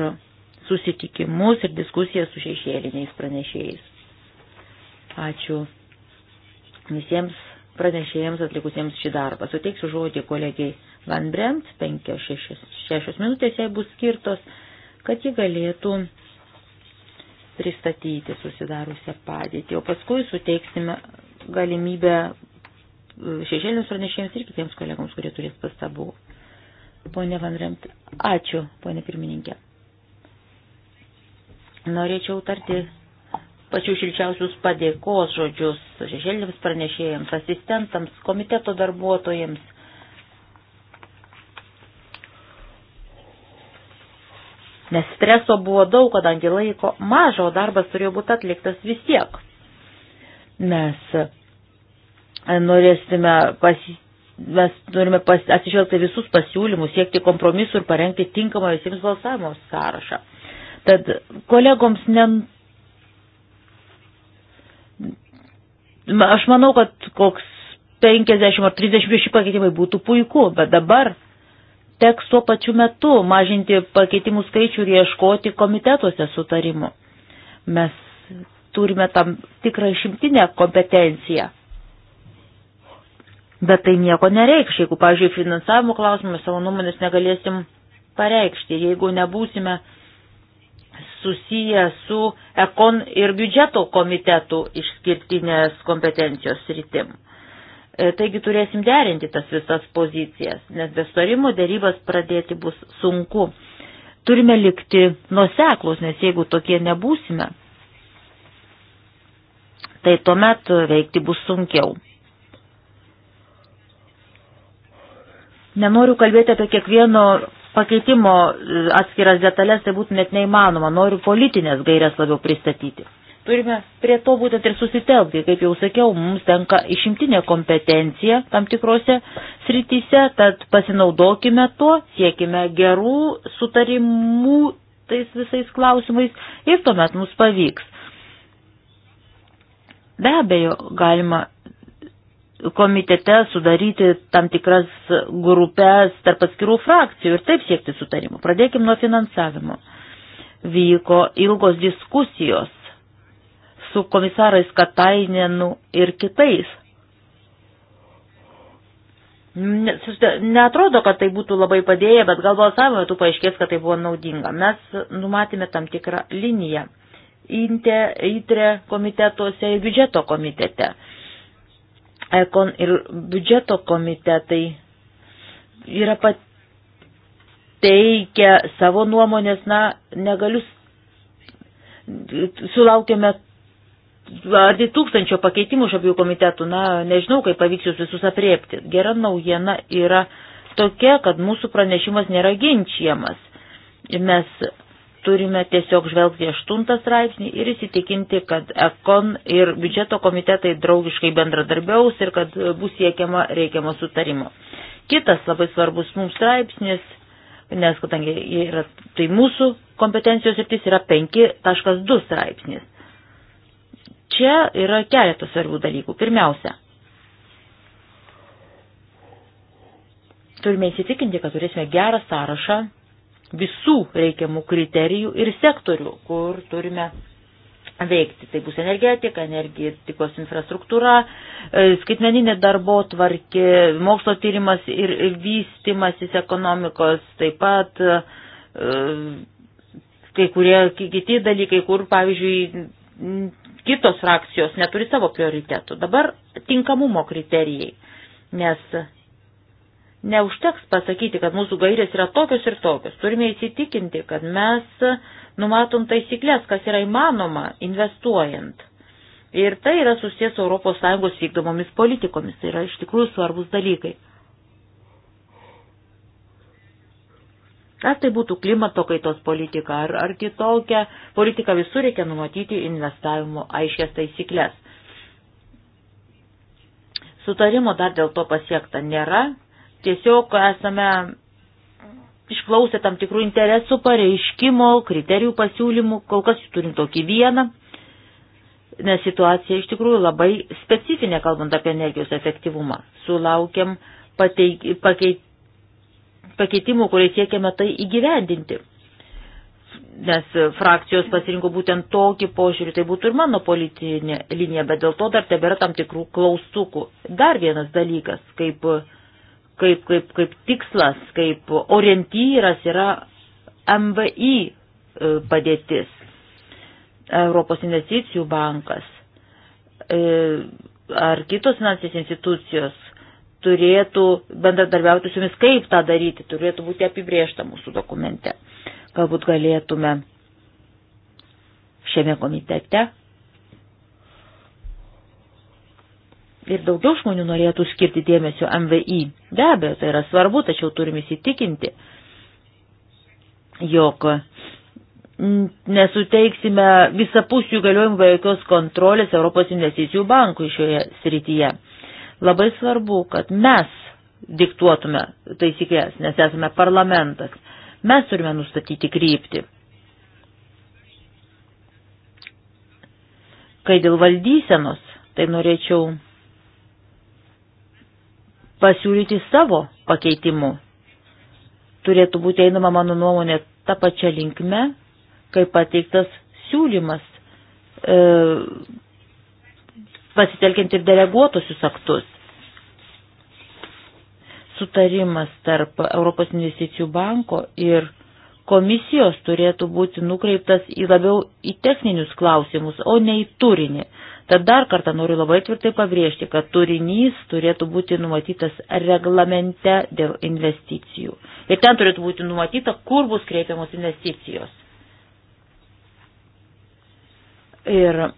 susitikimus ir diskusijas su šešėliniais pranešėjais. Ačiū visiems pranešėjams atlikusiems šį darbą. Suteiksiu žodį kolegiai Van Bremt, 5-6 minutės jai bus skirtos, kad ji galėtų pristatyti susidariusią padėtį, o paskui suteiksime galimybę e, šešėlinius pranešėjams ir kitiems kolegams, kurie turės pastabų. Pone Van Remt, ačiū, pone pirmininkė. Norėčiau tarti pačių šilčiausius padėkos žodžius šešėlėms pranešėjams, asistentams, komiteto darbuotojams. Nes streso buvo daug, kadangi laiko maža, o darbas turėjo būti atliktas vis tiek. Mes e, norėsime pasi, mes norime pas, atsižvelgti visus pasiūlymus, siekti kompromisų ir parengti tinkamą visiems balsavimo sąrašą. Tad kolegoms ne, Aš manau, kad koks 50 ar 36 pakeitimai būtų puiku, bet dabar teks tuo pačiu metu mažinti pakeitimų skaičių ir ieškoti komitetuose sutarimų. Mes turime tam tikrą išimtinę kompetenciją. Bet tai nieko nereikš, jeigu, pavyzdžiui, finansavimo klausimą savo nuomonės negalėsim pareikšti. Jeigu nebūsime susiję su ekon ir biudžeto komitetų išskirtinės kompetencijos sritim. E, taigi turėsim derinti tas visas pozicijas, nes be starimų dėrybas pradėti bus sunku. Turime likti nuseklus, nes jeigu tokie nebūsime, tai tuomet veikti bus sunkiau. Nenoriu kalbėti apie kiekvieno pakeitimo e, atskiras detalės, tai būtų net neįmanoma. Noriu politinės gairias labiau pristatyti. Turime prie to būtent ir susitelkti. Kaip jau sakiau, mums tenka išimtinė kompetencija tam tikrose srityse, tad pasinaudokime tuo, siekime gerų sutarimų tais visais klausimais ir tuomet mums pavyks. Be abejo, galima komitete sudaryti tam tikras grupės tarp atskirų frakcijų ir taip siekti sutarimų. Pradėkim nuo finansavimo. Vyko ilgos diskusijos su komisarais Katainenu ir kitais. Netrodo, kad tai būtų labai padėję, bet gal balsavimo metu paaiškės, kad tai buvo naudinga. Mes numatėme tam tikrą liniją. Inte, ITRE komitetuose ir biudžeto komitete ekon ir biudžeto komitetai yra pateikę savo nuomonės, na, negaliu, sulaukėme arti tūkstančio pakeitimų iš abiejų komitetų, na, nežinau, kaip pavyks jūs visus apriepti. Gera naujiena yra tokia, kad mūsų pranešimas nėra ginčiamas. Mes turime tiesiog žvelgti aštuntą straipsnį ir įsitikinti, kad ekon ir biudžeto komitetai draugiškai bendradarbiaus ir kad bus siekiama reikiamo sutarimo. Kitas labai svarbus mums straipsnis, nes kadangi yra, tai mūsų kompetencijos sritis yra 5.2 straipsnis. Čia yra keletas svarbių dalykų. Pirmiausia, turime įsitikinti, kad turėsime gerą sąrašą visų reikiamų kriterijų ir sektorių, kur turime veikti. Tai bus energetika, energetikos infrastruktūra, e, skaitmeninė darbo tvarkė, mokslo tyrimas ir vystimasis ekonomikos, taip pat e, kai kurie kiti dalykai, kur, pavyzdžiui, kitos frakcijos neturi savo prioritetų. Dabar tinkamumo kriterijai, nes neužteks pasakyti, kad mūsų gairės yra tokios ir tokios. Turime įsitikinti, kad mes numatom taisyklės, kas yra įmanoma investuojant. Ir tai yra susijęs su ES vykdomomis politikomis. Tai yra iš tikrųjų svarbus dalykai. Ar tai būtų klimato kaitos politika ar, ar kitokia politika, visur reikia numatyti investavimo aiškias taisyklės. Sutarimo dar dėl to pasiektą nėra, tiesiog esame išklausę tam tikrų interesų pareiškimo, kriterijų pasiūlymų, kol kas turim tokį vieną, nes situacija iš tikrųjų labai specifinė, kalbant apie energijos efektyvumą. Sulaukiam pateik, pakeit, pakeitimų, kuriais siekiame tai įgyvendinti. Nes frakcijos pasirinko būtent tokį požiūrį, tai būtų ir mano politinė linija, bet dėl to dar tebėra tam tikrų klaustukų. Dar vienas dalykas, kaip uh, kaip, kaip, kaip tikslas, kaip orientyras yra MVI e, padėtis. Europos investicijų bankas e, ar kitos finansinės institucijos turėtų bendradarbiauti su jumis, kaip tą daryti, turėtų būti apibriešta mūsų dokumente. Galbūt galėtume šiame komitete ir daugiau žmonių norėtų skirti dėmesio MVI. Be abejo, tai yra svarbu, tačiau turime įsitikinti, jog nesuteiksime visapusių galiojimų be jokios kontrolės Europos investicijų bankui šioje srityje. Labai svarbu, kad mes diktuotume taisyklės, nes esame parlamentas. Mes turime nustatyti kryptį. Kai dėl valdysenos, tai norėčiau pasiūlyti savo pakeitimu. Turėtų būti einama mano nuomonė tą pačią linkmę, kaip pateiktas siūlymas, e, pasitelkiant ir deleguotusius aktus. Sutarimas tarp Europos investicijų banko ir komisijos turėtų būti nukreiptas į labiau į techninius klausimus, o ne į turinį. Tad dar kartą noriu labai tvirtai pabrėžti, kad turinys turėtų būti numatytas reglamente dėl investicijų. Ir ten turėtų būti numatyta, kur bus kreipiamos investicijos. Ir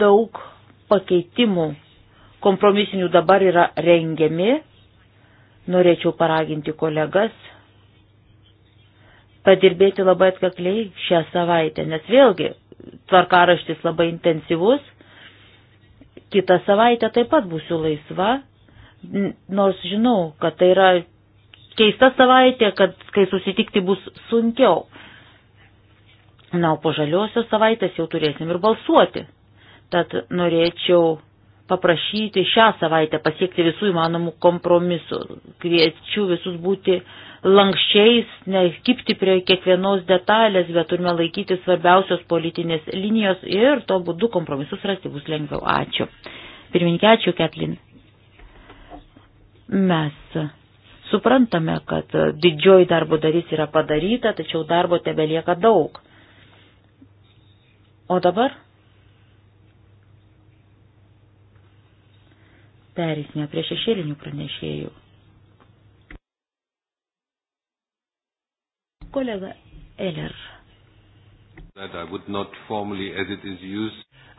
daug pakeitimų kompromisinių dabar yra rengiami. Norėčiau paraginti kolegas padirbėti labai atkakliai šią savaitę, nes vėlgi tvarkaraštis labai intensyvus, kitą savaitę taip pat būsiu laisva, nors žinau, kad tai yra keista savaitė, kad kai susitikti bus sunkiau. Na, o po žaliosios savaitės jau turėsim ir balsuoti. Tad norėčiau paprašyti šią savaitę pasiekti visų įmanomų kompromisų. Kviečiu visus būti lankščiais, nekipti prie kiekvienos detalės, bet turime laikyti svarbiausios politinės linijos ir to būdu kompromisus rasti bus lengviau. Ačiū. Pirmininkė, ačiū, Ketlin. Mes suprantame, kad didžioji darbo darys yra padaryta, tačiau darbo tebelieka daug. O dabar Perėsime prie šešėlinių pranešėjų. Kolega Eller. Formally,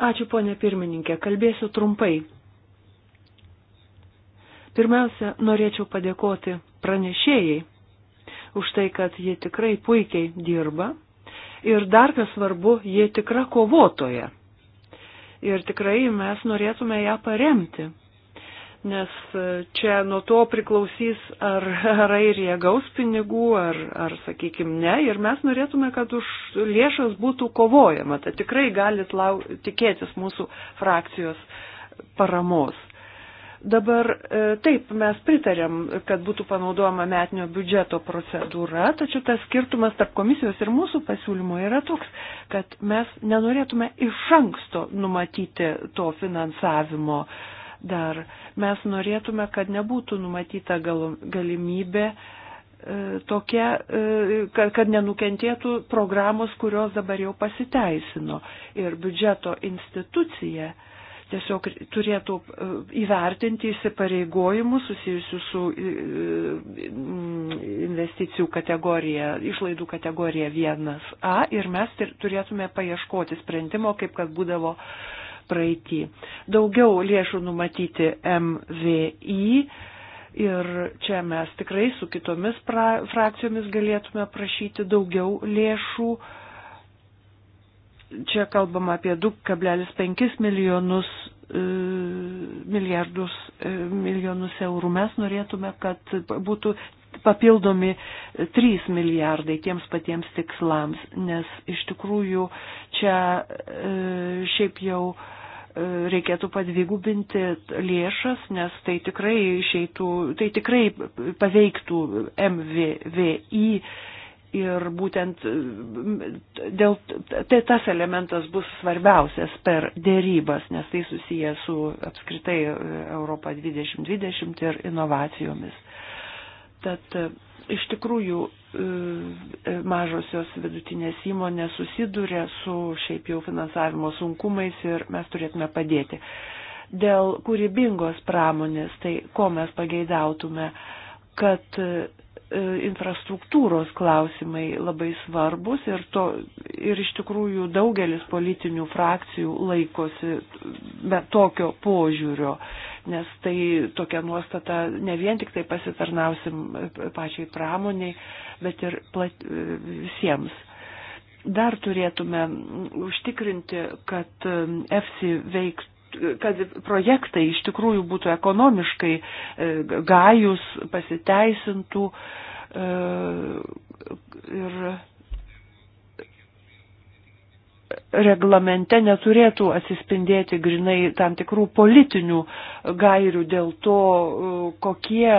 Ačiū, ponė pirmininkė. Kalbėsiu trumpai. Pirmiausia, norėčiau padėkoti pranešėjai už tai, kad jie tikrai puikiai dirba. Ir dar kas svarbu, jie tikra kovotoja. Ir tikrai mes norėtume ją paremti nes e, čia nuo to priklausys, ar, ar airija gaus pinigų, ar, ar sakykime, ne. Ir mes norėtume, kad už lėšas būtų kovojama. Tai tikrai galit lau, tikėtis mūsų frakcijos paramos. Dabar e, taip, mes pritarėm, kad būtų panaudojama metinio biudžeto procedūra, tačiau tas skirtumas tarp komisijos ir mūsų pasiūlymo yra toks, kad mes nenorėtume iš anksto numatyti to finansavimo uh, dar. Mes norėtume, kad nebūtų numatyta gal, galimybė e, tokia, e, kad, kad nenukentėtų programos, kurios dabar jau pasiteisino. Ir biudžeto institucija tiesiog turėtų e, įvertinti įsipareigojimus susijusius su e, e, investicijų kategorija, išlaidų kategorija 1A ir mes turėtume paieškoti sprendimo, kaip kad būdavo uh, praeitį. Daugiau lėšų numatyti MVI ir čia mes tikrai su kitomis pra, frakcijomis galėtume prašyti daugiau lėšų. Čia kalbama apie 2,5 milijonus e, milijardus e, milijonus eurų. Mes norėtume, kad būtų papildomi 3 milijardai tiems patiems tikslams, nes iš tikrųjų čia e, šiaip jau reikėtų padvigubinti lėšas, nes tai tikrai išeitų, tai tikrai paveiktų MVI ir būtent dėl, tai tas elementas bus svarbiausias per dėrybas, nes tai susiję su apskritai Europa 2020 ir inovacijomis. Tad iš tikrųjų e, e, mažosios vidutinės įmonės susiduria su šiaip jau finansavimo sunkumais ir mes turėtume padėti. Dėl kūrybingos pramonės, tai ko mes pageidautume, kad E, infrastruktūros klausimai labai svarbus ir, to, ir iš tikrųjų daugelis politinių frakcijų laikosi bet tokio požiūrio, nes tai tokia nuostata ne vien tik tai pasitarnausim pačiai pramoniai, bet ir plat, e, visiems dar turėtume užtikrinti, kad EFSI veiktų kad projektai iš tikrųjų būtų ekonomiškai e, gajus, pasiteisintų e, ir reglamente neturėtų atsispindėti grinai tam tikrų politinių gairių dėl to, e, kokie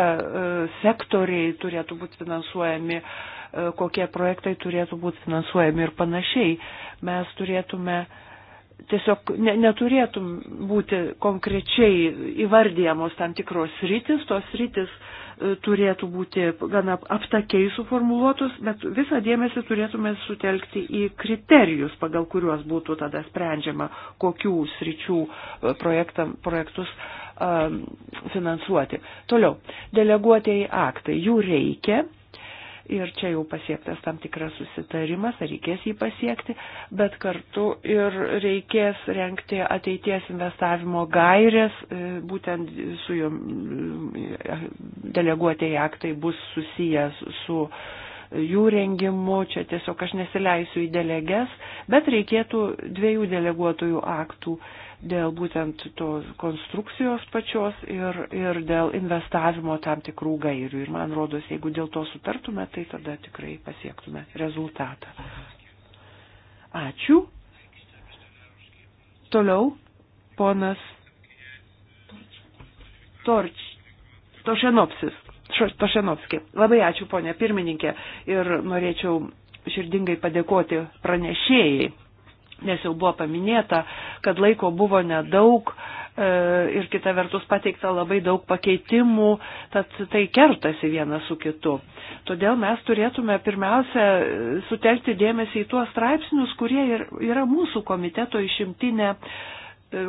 sektoriai turėtų būti finansuojami, kokie projektai turėtų būti finansuojami ir panašiai. Mes turėtume uh, tiesiog ne, neturėtum būti konkrečiai įvardyjamos tam tikros rytis, tos rytis e, turėtų būti gana aptakiai suformuluotos, bet visą dėmesį turėtume sutelkti į kriterijus, pagal kuriuos būtų tada sprendžiama, kokių sričių e, projektus e, finansuoti. Toliau, deleguotieji aktai, jų reikia ir čia jau pasiektas tam tikras susitarimas, ar reikės jį pasiekti, bet kartu ir reikės renkti ateities investavimo gairės, e, būtent su jom e, deleguotieji aktai bus susijęs su jų rengimu, čia tiesiog aš nesileisiu į deleges, bet reikėtų dviejų deleguotojų aktų dėl būtent tos konstrukcijos pačios ir, ir dėl investavimo tam tikrų gairių. Ir man rodos, jeigu dėl to sutartume, tai tada tikrai pasiektume rezultatą. Ačiū. Toliau ponas Torč, Tošenopsis. Tošenovski. Labai ačiū, ponė pirmininkė, ir norėčiau širdingai padėkoti pranešėjai nes jau buvo paminėta, kad laiko buvo nedaug e, ir kita vertus pateikta labai daug pakeitimų, tad tai kertasi vienas su kitu. Todėl mes turėtume pirmiausia sutelkti dėmesį į tuos straipsnius, kurie yra mūsų komiteto išimtinė e,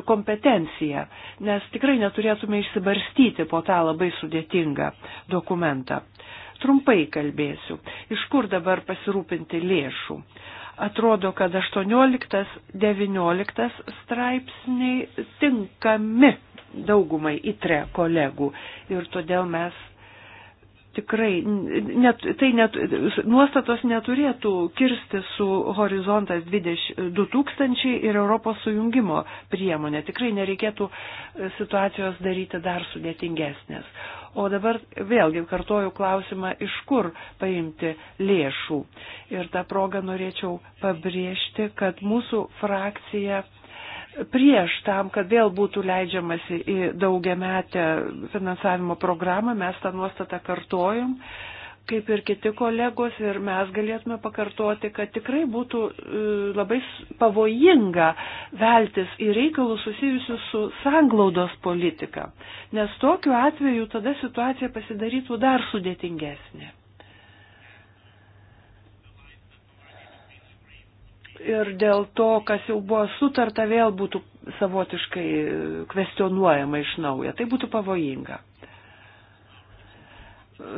kompetencija, nes tikrai neturėtume išsibarstyti po tą labai sudėtingą dokumentą. Trumpai kalbėsiu, iš kur dabar pasirūpinti lėšų. Atrodo, kad 18-19 straipsniai tinkami daugumai įtre kolegų ir todėl mes tikrai net, tai net, nuostatos neturėtų kirsti su horizontas 20, 2000 ir Europos sujungimo priemonė. Tikrai nereikėtų e, situacijos daryti dar sudėtingesnės. O dabar vėlgi kartoju klausimą, iš kur paimti lėšų. Ir tą progą norėčiau pabrėžti, kad mūsų frakcija prieš tam, kad vėl būtų leidžiamasi į daugiametę finansavimo programą, mes tą nuostatą kartojom, kaip ir kiti kolegos, ir mes galėtume pakartoti, kad tikrai būtų e, labai pavojinga veltis į reikalus susijusius su sanglaudos politika, nes tokiu atveju tada situacija pasidarytų dar sudėtingesnė. ir dėl to, kas jau buvo sutarta, vėl būtų savotiškai kvestionuojama iš naujo. Tai būtų pavojinga.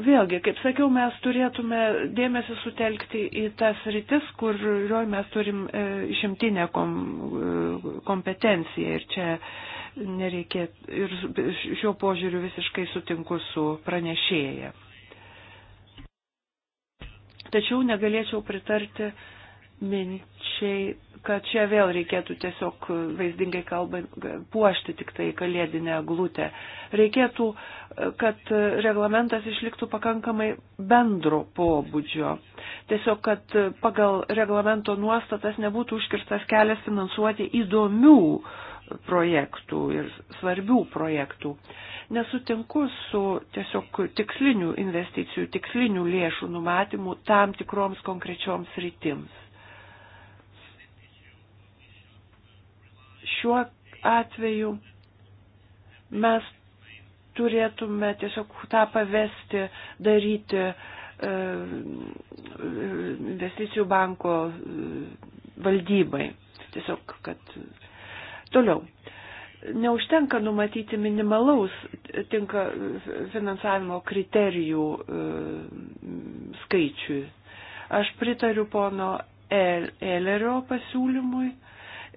Vėlgi, kaip sakiau, mes turėtume dėmesį sutelkti į tas rytis, kurioj mes turim e, išimtinę kom, e, kompetenciją ir čia nereikėtų, ir šiuo požiūriu visiškai sutinku su pranešėja. Tačiau negalėčiau pritarti e, minčiai, kad čia vėl reikėtų tiesiog vaizdingai kalbant puošti tik tai kalėdinę glūtę. Reikėtų, kad reglamentas išliktų pakankamai bendro pobūdžio. Tiesiog, kad pagal reglamento nuostatas nebūtų užkirstas kelias finansuoti įdomių projektų ir svarbių projektų. Nesutinku su tiesiog tikslinių investicijų, tikslinių lėšų numatymu tam tikroms konkrečioms rytims šiuo atveju mes turėtume tiesiog tą pavesti daryti e, investicijų banko e, valdybai. Tiesiog, kad toliau. Neužtenka numatyti minimalaus tinka finansavimo kriterijų e, skaičiui. Aš pritariu pono Elerio pasiūlymui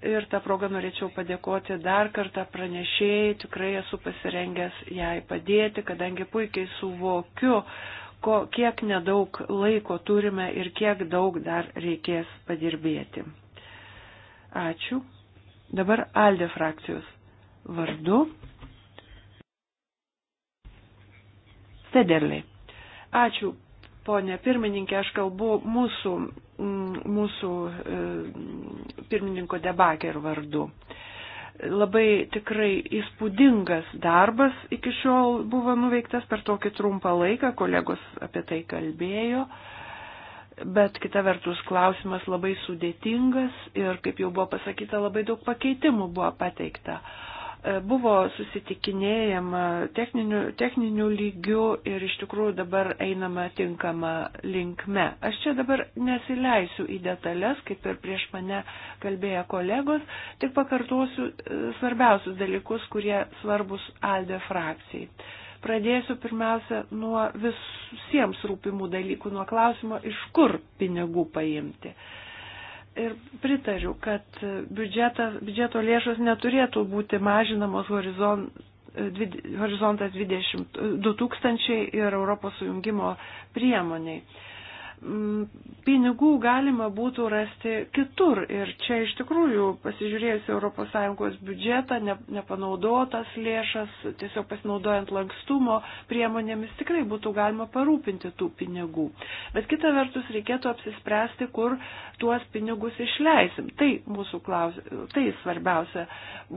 Ir tą progą norėčiau padėkoti dar kartą pranešėjai, tikrai esu pasirengęs jai padėti, kadangi puikiai suvokiu, ko, kiek nedaug laiko turime ir kiek daug dar reikės padirbėti. Ačiū. Dabar Aldė frakcijos vardu. Federlai. Ačiū, ponė pirmininkė, aš kalbu mūsų Mm, mūsų e, pirmininko debaker vardu. Labai tikrai įspūdingas darbas iki šiol buvo nuveiktas per tokį trumpą laiką, kolegos apie tai kalbėjo bet kita vertus klausimas labai sudėtingas ir, kaip jau buvo pasakyta, labai daug pakeitimų buvo pateikta. E, buvo susitikinėjama techninių, techninių lygių ir iš tikrųjų dabar einama tinkama linkme. Aš čia dabar nesileisiu į detalės, kaip ir prieš mane kalbėjo kolegos, tik pakartosiu e, svarbiausius dalykus, kurie svarbus ALDE frakcijai pradėsiu pirmiausia nuo visiems rūpimų dalykų, nuo klausimo, iš kur pinigų paimti ir pritariu, kad biudžeta, biudžeto lėšos neturėtų būti mažinamos horizon, e, horizontas 20, 2000 ir Europos sujungimo priemoniai pinigų galima būtų rasti kitur. Ir čia iš tikrųjų, pasižiūrėjus ES biudžetą, ne, nepanaudotas lėšas, tiesiog pasinaudojant lankstumo priemonėmis, tikrai būtų galima parūpinti tų pinigų. Bet kita vertus, reikėtų apsispręsti, kur tuos pinigus išleisim. Tai, mūsų klaus... tai svarbiausia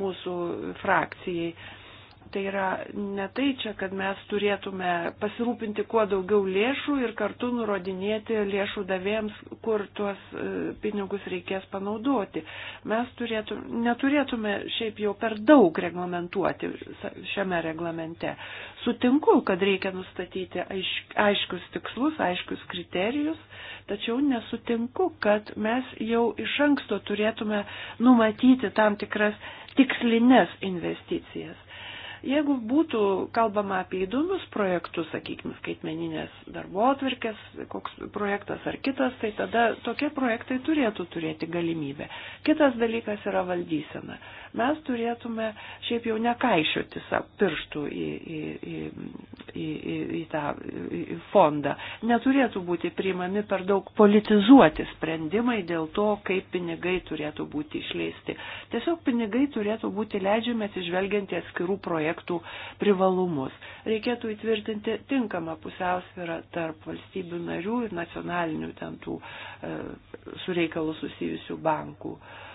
mūsų frakcijai tai yra ne tai čia, kad mes turėtume pasirūpinti kuo daugiau lėšų ir kartu nurodinėti lėšų davėjams, kur tuos e, pinigus reikės panaudoti. Mes turėtume, neturėtume šiaip jau per daug reglamentuoti šiame reglamente. Sutinku, kad reikia nustatyti aišk, aiškius tikslus, aiškius kriterijus, tačiau nesutinku, kad mes jau iš anksto turėtume numatyti tam tikras tikslinės investicijas. Jeigu būtų kalbama apie įdomius projektus, sakykime, skaitmeninės darbo atvirkės, koks projektas ar kitas, tai tada tokie projektai turėtų turėti galimybę. Kitas dalykas yra valdysena mes turėtume šiaip jau nekaišiuoti savo pirštų į, į, į, į, į, į tą į fondą. Neturėtų būti priimami per daug politizuoti sprendimai dėl to, kaip pinigai turėtų būti išleisti. Tiesiog pinigai turėtų būti leidžiami atsižvelgiant į atskirų projektų privalumus. Reikėtų įtvirtinti tinkamą pusiausvyrą tarp valstybių narių ir nacionalinių ten tų e, su reikalu susijusių bankų. E,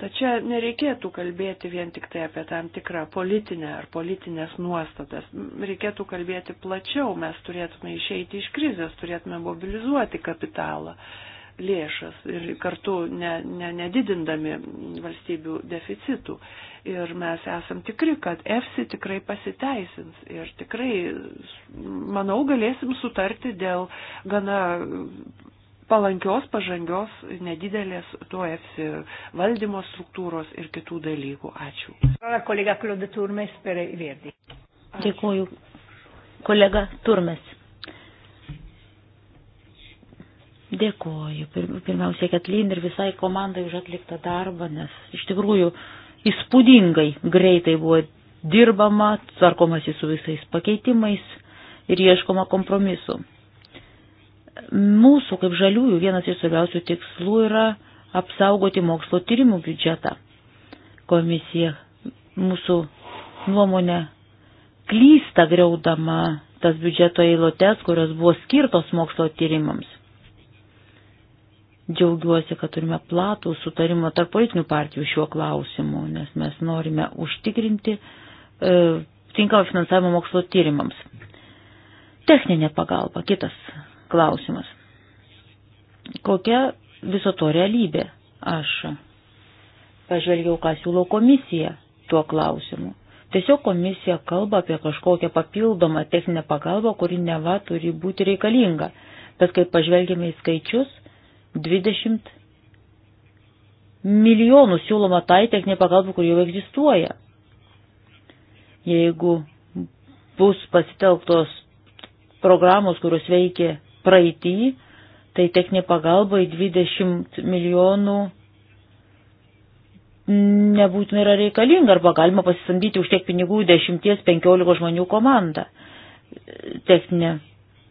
Tačiau nereikėtų kalbėti vien tik tai apie tam tikrą politinę ar politinės nuostatas. Reikėtų kalbėti plačiau, mes turėtume išeiti iš krizės, turėtume mobilizuoti kapitalą, lėšas ir kartu ne, ne, nedidindami valstybių deficitų. Ir mes esam tikri, kad EFSI tikrai pasiteisins ir tikrai, manau, galėsim sutarti dėl gana palankios, pažangios, nedidelės tuo EFSI valdymo struktūros ir kitų dalykų. Ačiū. Dėkuoju, kolega Turmes. Dėkuoju pirmiausia Ketlin ir visai komandai už atliktą darbą, nes iš tikrųjų įspūdingai greitai buvo dirbama, tvarkomasi su visais pakeitimais ir ieškoma kompromisu. Mūsų kaip žaliųjų vienas iš svarbiausių tikslų yra apsaugoti mokslo tyrimų biudžetą. Komisija mūsų nuomonė klysta greudama tas biudžeto eilutes, kurios buvo skirtos mokslo tyrimams. Džiaugiuosi, kad turime platų sutarimą tarp politinių partijų šiuo klausimu, nes mes norime užtikrinti e, tinkamą finansavimą mokslo tyrimams. Techninė pagalba, kitas klausimas. Kokia viso to realybė? Aš pažvelgiau, ką siūlo komisija tuo klausimu. Tiesiog komisija kalba apie kažkokią papildomą techninę pagalbą, kuri neva turi būti reikalinga. Bet kai pažvelgėme į skaičius, 20 milijonų siūloma tai techninė pagalba, kur jau egzistuoja. Jeigu bus pasitelktos programos, kurios veikia praeitį, tai techninė pagalba į 20 milijonų nebūtinai yra reikalinga arba galima pasisamdyti už tiek pinigų 10-15 žmonių komandą. Techninė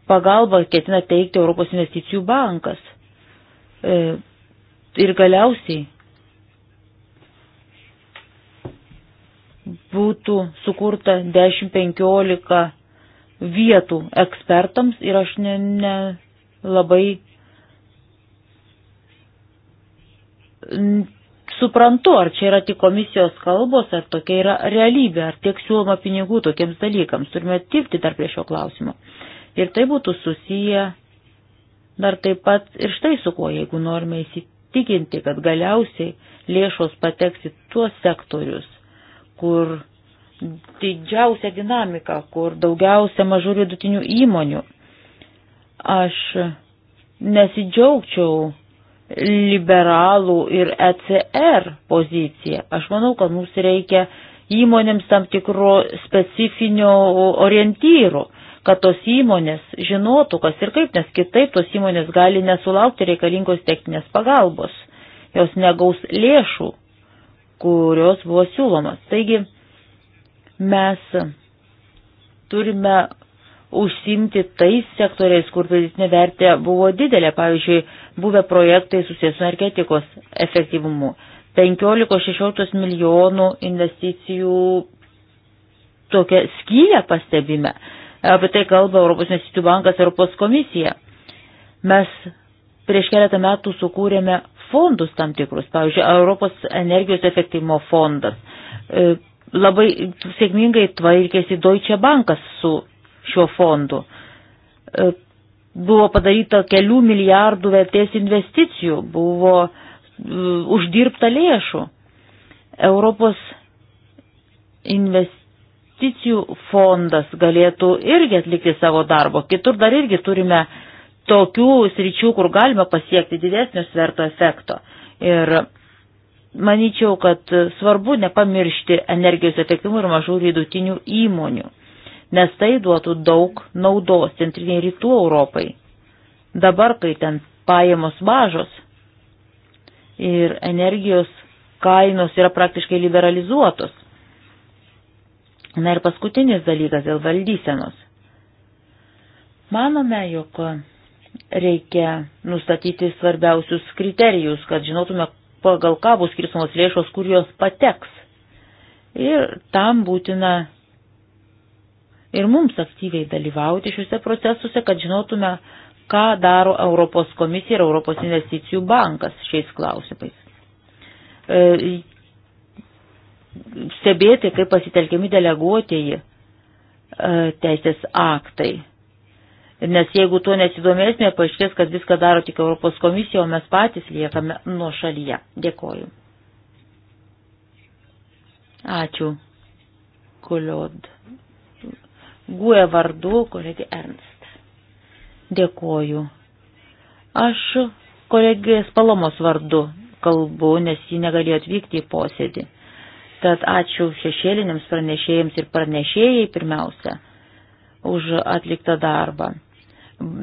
pagalba ketina teikti Europos investicijų bankas. E, ir galiausiai būtų sukurta 10-15 vietų ekspertams ir aš ne, ne labai suprantu, ar čia yra tik komisijos kalbos, ar tokia yra realybė, ar tiek siūloma pinigų tokiems dalykams. Turime dirbti dar prie šio klausimo. Ir tai būtų susiję dar taip pat ir štai su kuo, jeigu norime įsitikinti, kad galiausiai lėšos pateks į tuos sektorius, kur didžiausią dinamiką, kur daugiausia mažų ir vidutinių įmonių. Aš nesidžiaugčiau liberalų ir ECR poziciją. Aš manau, kad mums reikia įmonėms tam tikro specifinio orientyro, kad tos įmonės žinotų, kas ir kaip, nes kitaip tos įmonės gali nesulaukti reikalingos techninės pagalbos, jos negaus lėšų, kurios buvo siūlomas. Taigi, mes turime užsimti tais sektoriais, kur pridėtinė vertė buvo didelė, pavyzdžiui, buvę projektai susijęs su energetikos efektyvumu. 15-16 milijonų investicijų tokia skyja pastebime. Apie tai kalba Europos investicijų bankas, Europos komisija. Mes prieš keletą metų sukūrėme fondus tam tikrus, pavyzdžiui, Europos energijos efektyvumo fondas e, labai sėkmingai tvarkėsi Deutsche Bankas su šiuo fondu. E, buvo padaryta kelių milijardų vertės investicijų, buvo e, uždirbta lėšų. Europos investicijų fondas galėtų irgi atlikti savo darbo. Kitur dar irgi turime tokių sričių, kur galima pasiekti didesnio sverto efekto. Ir Maničiau, kad svarbu nepamiršti energijos efektyvumų ir mažų vidutinių įmonių, nes tai duotų daug naudos centriniai rytų Europai. Dabar, kai ten pajamos mažos ir energijos kainos yra praktiškai liberalizuotos. Na ir paskutinis dalykas dėl valdysenos. Manome, jog reikia nustatyti svarbiausius kriterijus, kad žinotume, pagal ką bus skirstomos lėšos, kur jos pateks. Ir tam būtina ir mums aktyviai dalyvauti šiuose procesuose, kad žinotume, ką daro Europos komisija ir Europos investicijų bankas šiais klausimais. E, stebėti, kaip pasitelkiami deleguotieji e, teisės aktai. Nes jeigu tuo nesidomėsime, paaiškės, kad viską daro tik Europos komisija, o mes patys liekame nuo šalyje. Dėkoju. Ačiū. Kuliod. Guė vardu, kolegė Ernst. Dėkoju. Aš kolegės Palomos vardu kalbu, nes ji negalėjo atvykti į posėdį. Tad ačiū šešėliniams pranešėjams ir pranešėjai pirmiausia už atliktą darbą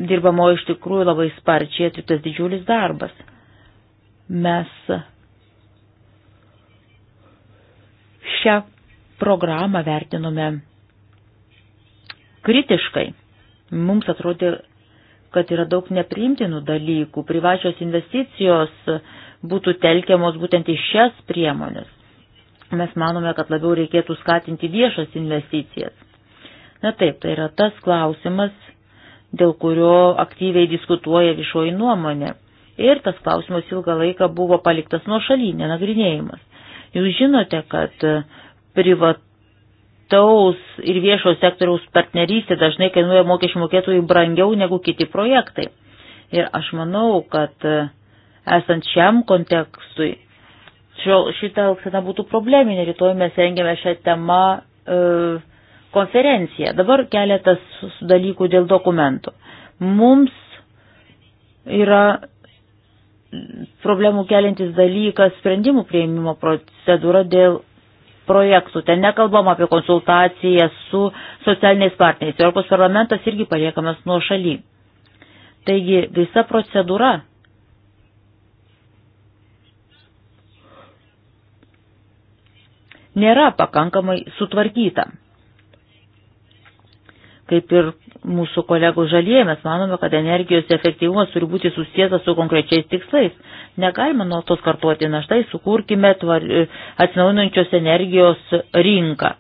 dirbamo iš tikrųjų labai sparčiai atliktas didžiulis darbas. Mes šią programą vertinome kritiškai. Mums atrodė, kad yra daug nepriimtinų dalykų. Privačios investicijos būtų telkiamos būtent į šias priemonės. Mes manome, kad labiau reikėtų skatinti viešas investicijas. Na taip, tai yra tas klausimas, dėl kurio aktyviai diskutuoja viešoji nuomonė. Ir tas klausimas ilgą laiką buvo paliktas nuo šaly, nenagrinėjimas. Jūs žinote, kad e, privataus ir viešo sektoriaus partnerystė dažnai kainuoja mokesčių mokėtojų brangiau negu kiti projektai. Ir aš manau, kad e, esant šiam kontekstui, šio, šita auksena būtų probleminė. Rytoj mes rengiame šią temą. E, konferenciją. Dabar keletas dalykų dėl dokumentų. Mums yra problemų keliantis dalykas sprendimų prieimimo procedūra dėl projektų. Ten nekalbam apie konsultaciją su socialiniais partneriais. Europos parlamentas irgi paliekamas nuo šaly. Taigi visa procedūra nėra pakankamai sutvarkyta. Kaip ir mūsų kolegų žalie, mes manome, kad energijos efektyvumas turi būti susijęs su konkrečiais tikslais. Negalime nuo tos kartuoti, na štai sukurkime e, atsinaujinančios energijos rinką.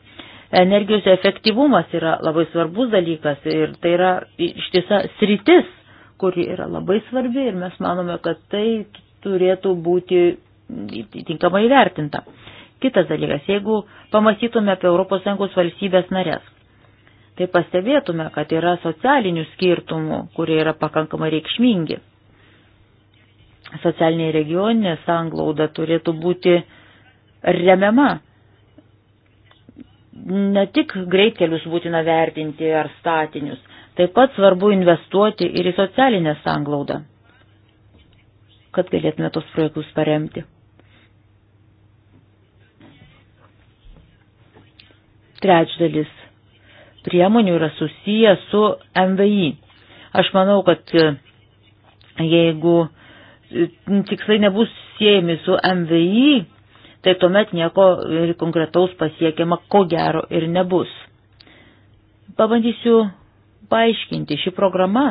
Energijos efektyvumas yra labai svarbus dalykas ir tai yra ištisa sritis, kuri yra labai svarbi ir mes manome, kad tai turėtų būti tinkamai vertinta. Kitas dalykas, jeigu pamastytume apie ES valstybės narės, tai pastebėtume, kad yra socialinių skirtumų, kurie yra pakankamai reikšmingi. Socialinė regioninė sanglauda turėtų būti remiama. Ne tik greitkelius būtina vertinti ar statinius, taip pat svarbu investuoti ir į socialinę sanglaudą, kad galėtume tos projektus paremti. Trečdalis priemonių yra susiję su MVI. Aš manau, kad e, jeigu e, tikslai nebus siejami su MVI, tai tuomet nieko e, konkretaus pasiekiama ko gero ir nebus. Pabandysiu paaiškinti šį programą.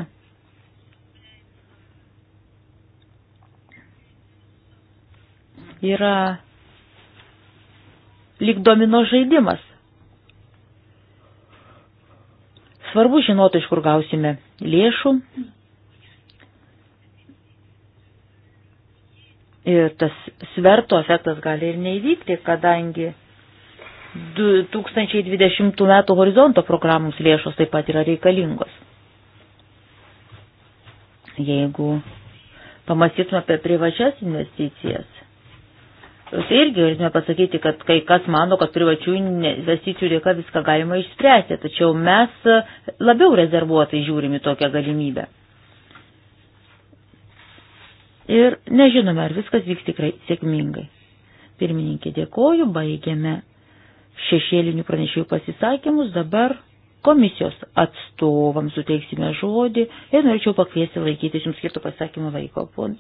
Yra lyg domino žaidimas. Svarbu žinoti, iš kur gausime lėšų. Ir tas sverto efektas gali ir neįvykti, kadangi 2020 metų horizonto programoms lėšos taip pat yra reikalingos. Jeigu pamastytume apie privačias investicijas, Tai irgi galėtume pasakyti, kad kai kas mano, kad privačių investicijų dėka viską galima išspręsti, tačiau mes e, labiau rezervuotai žiūrime tokią galimybę. Ir nežinome, ar viskas vyks tikrai sėkmingai. Pirmininkė, dėkoju, baigėme šešėlinių pranešėjų pasisakymus, dabar komisijos atstovams suteiksime žodį ir norėčiau pakviesti laikytis jums skirto pasakymo laiko. Pone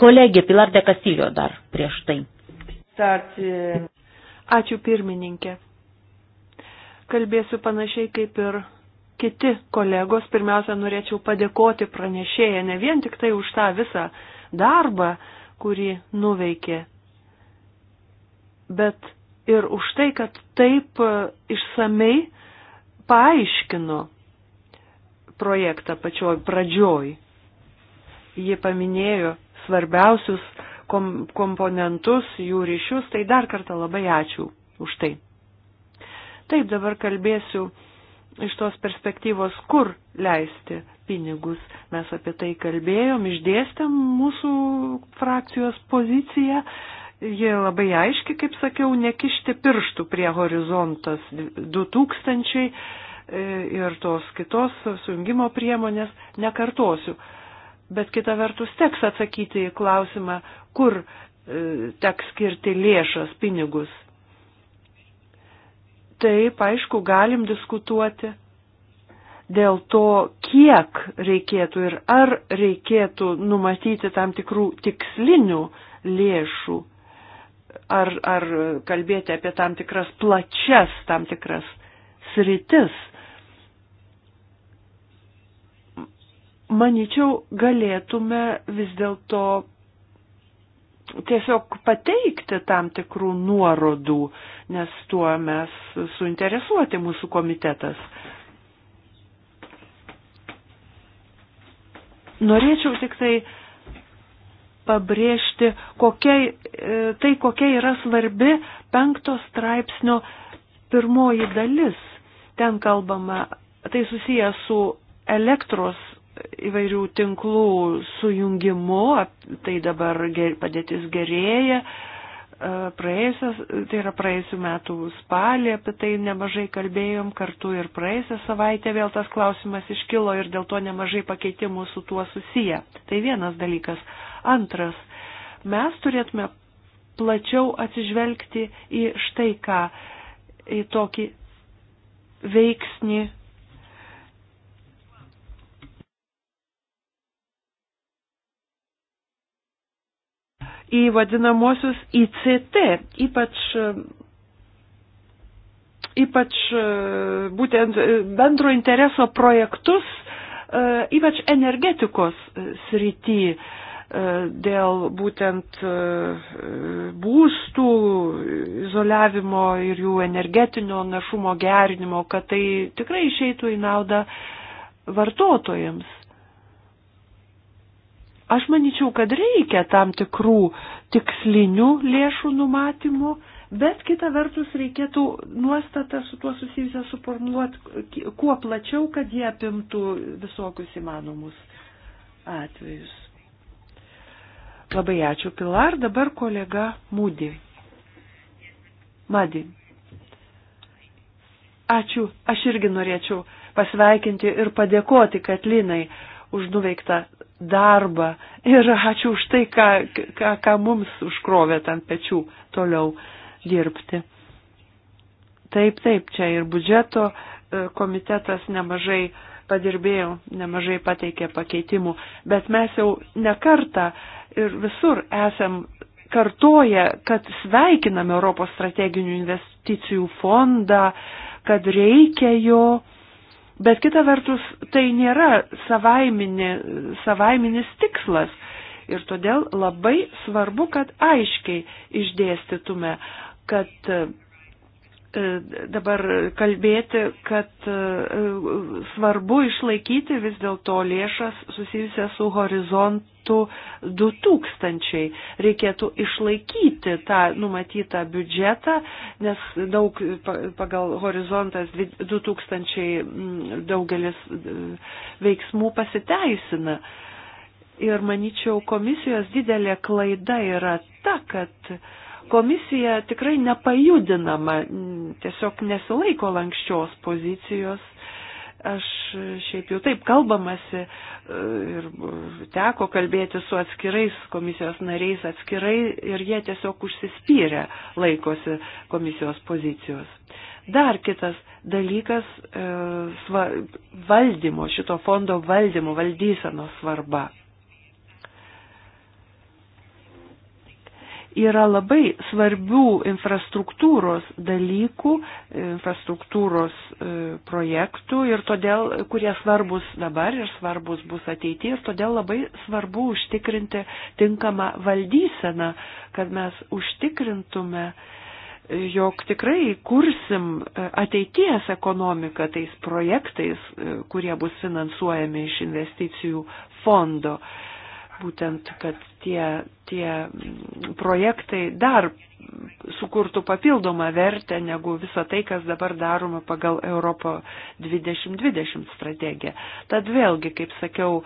Kolegė Pilar de Castillo dar prieš tai. E, Ačiū pirmininkė. Kalbėsiu panašiai kaip ir kiti kolegos. Pirmiausia, norėčiau padėkoti pranešėją ne vien tik tai už tą visą darbą, kurį nuveikė, bet ir už tai, kad taip e, išsamei paaiškino projektą pačioj pradžioj. Ji paminėjo svarbiausius kom komponentus, jų ryšius, tai dar kartą labai ačiū už tai. Taip dabar kalbėsiu iš tos perspektyvos, kur leisti pinigus. Mes apie tai kalbėjom, išdėstėm mūsų frakcijos poziciją. Jie labai aiški, kaip sakiau, nekišti pirštų prie horizontas 2000 e, ir tos kitos sujungimo priemonės nekartosiu bet kita vertus teks atsakyti į klausimą, kur e, teks skirti lėšas, pinigus. Taip, aišku, galim diskutuoti dėl to, kiek reikėtų ir ar reikėtų numatyti tam tikrų tikslinių lėšų, ar, ar kalbėti apie tam tikras plačias, tam tikras sritis manyčiau, galėtume vis dėlto tiesiog pateikti tam tikrų nuorodų, nes tuo mes suinteresuoti mūsų komitetas. Norėčiau tik tai pabrėžti, kokia, e, tai kokia yra svarbi penkto straipsnio pirmoji dalis. Ten kalbama, tai susijęs su elektros įvairių tinklų sujungimu, tai dabar ger, padėtis gerėja. E, praėjusias, tai yra praėjusių metų spalį, apie tai nemažai kalbėjom kartu ir praėjusią savaitę vėl tas klausimas iškilo ir dėl to nemažai pakeitimų su tuo susiję. Tai vienas dalykas. Antras, mes turėtume plačiau atsižvelgti į štai ką, į tokį veiksnį į vadinamosius ICT, ypač, ypač e, būtent bendro intereso projektus, e, ypač energetikos e, srity dėl būtent būstų izoliavimo ir jų energetinio našumo gerinimo, kad tai tikrai išeitų į naudą vartotojams. Aš manyčiau, kad reikia tam tikrų tikslinių lėšų numatymų, bet kita vertus reikėtų nuostatą su tuo susijusią suformuoti kuo plačiau, kad jie apimtų visokius įmanomus atvejus. Labai ačiū, Pilar. Dabar kolega Mūdį. Madį. Ačiū. Aš irgi norėčiau pasveikinti ir padėkoti Katlinai už nuveiktą darbą ir ačiū už tai, ką, ką, ką mums užkrovėt ant pečių toliau dirbti. Taip, taip, čia ir budžeto e, komitetas nemažai padirbėjo, nemažai pateikė pakeitimų, bet mes jau nekartą ir visur esam kartoja, kad sveikiname Europos strateginių investicijų fondą, kad reikia jo, Bet kita vertus, tai nėra savaiminė, savaiminis tikslas. Ir todėl labai svarbu, kad aiškiai išdėstytume, kad E, dabar kalbėti, kad e, svarbu išlaikyti vis dėlto lėšas susijusias su horizontu 2000. Reikėtų išlaikyti tą numatytą biudžetą, nes daug pagal horizontas 2000 daugelis e, veiksmų pasiteisina. Ir manyčiau, komisijos didelė klaida yra ta, kad Komisija tikrai nepajudinama, tiesiog nesilaiko lankščios pozicijos. Aš šiaip jau taip kalbamasi ir teko kalbėti su atskirais komisijos nariais atskirai ir jie tiesiog užsispyrę laikosi komisijos pozicijos. Dar kitas dalykas e, sva, valdymo, šito fondo valdymo, valdysenos svarba. yra labai svarbių infrastruktūros dalykų, infrastruktūros e, projektų ir todėl, kurie svarbus dabar ir svarbus bus ateityje ir todėl labai svarbu užtikrinti tinkamą valdyseną, kad mes užtikrintume, jog tikrai kursim e, ateities ekonomiką tais projektais, e, kurie bus finansuojami iš investicijų fondo būtent, kad tie, tie projektai dar sukurtų papildomą vertę negu visa tai, kas dabar daroma pagal Europo 2020 strategiją. Tad vėlgi, kaip sakiau,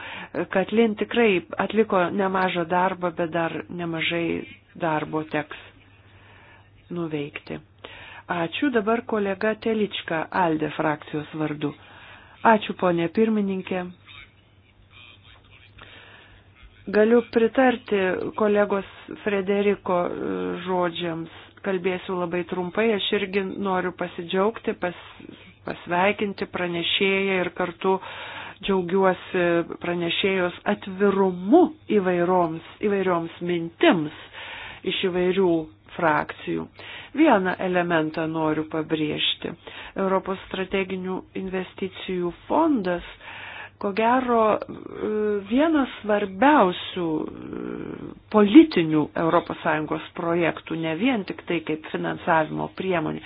kad Lin tikrai atliko nemažą darbą, bet dar nemažai darbo teks nuveikti. Ačiū dabar kolega Telička Alde frakcijos vardu. Ačiū ponė pirmininkė. Galiu pritarti kolegos Frederiko e, žodžiams. Kalbėsiu labai trumpai. Aš irgi noriu pasidžiaugti, pas, pasveikinti pranešėją ir kartu džiaugiuosi pranešėjos atvirumu įvairioms, įvairioms mintims iš įvairių frakcijų. Vieną elementą noriu pabrėžti. Europos strateginių investicijų fondas uh, ko gero e, vienas svarbiausių e, politinių ES projektų, ne vien tik tai kaip finansavimo priemonė.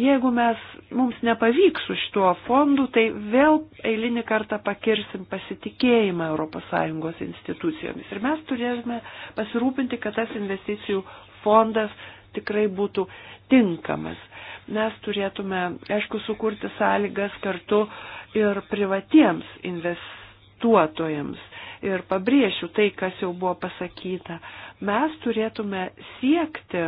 Jeigu mes, mums nepavyks su šituo fondu, tai vėl eilinį kartą pakirsim pasitikėjimą ES institucijomis. Ir mes turėsime pasirūpinti, kad tas investicijų fondas tikrai būtų tinkamas mes turėtume, aišku, sukurti sąlygas kartu ir privatiems investuotojams. Ir pabrėšiu tai, kas jau buvo pasakyta. Mes turėtume siekti,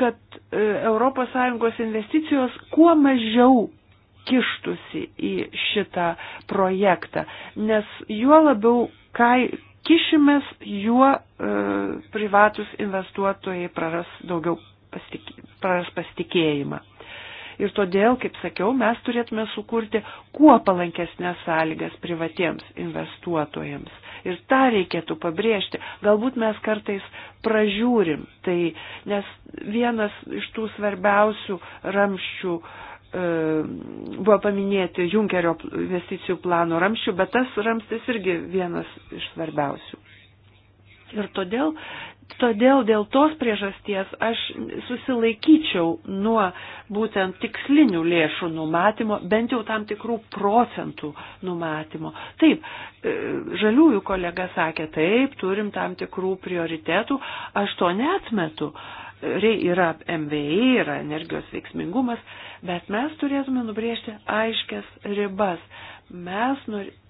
kad ES investicijos kuo mažiau kištusi į šitą projektą, nes juo labiau kai, kišimės, juo e, privatus investuotojai praras daugiau praras pasitikėjimą. Ir todėl, kaip sakiau, mes turėtume sukurti kuo palankesnės sąlygas privatiems investuotojams. Ir tą reikėtų pabrėžti. Galbūt mes kartais pražiūrim, tai, nes vienas iš tų svarbiausių ramščių e, buvo paminėti Junkerio investicijų plano ramščių, bet tas ramstis irgi vienas iš svarbiausių. Ir todėl Todėl dėl tos priežasties aš susilaikyčiau nuo būtent tikslinių lėšų numatymo, bent jau tam tikrų procentų numatymo. Taip, e, žaliųjų kolega sakė, taip, turim tam tikrų prioritetų, aš to netmetu. Yra MVI, yra energijos veiksmingumas, bet mes turėtume nubriežti aiškias ribas. Mes norėtume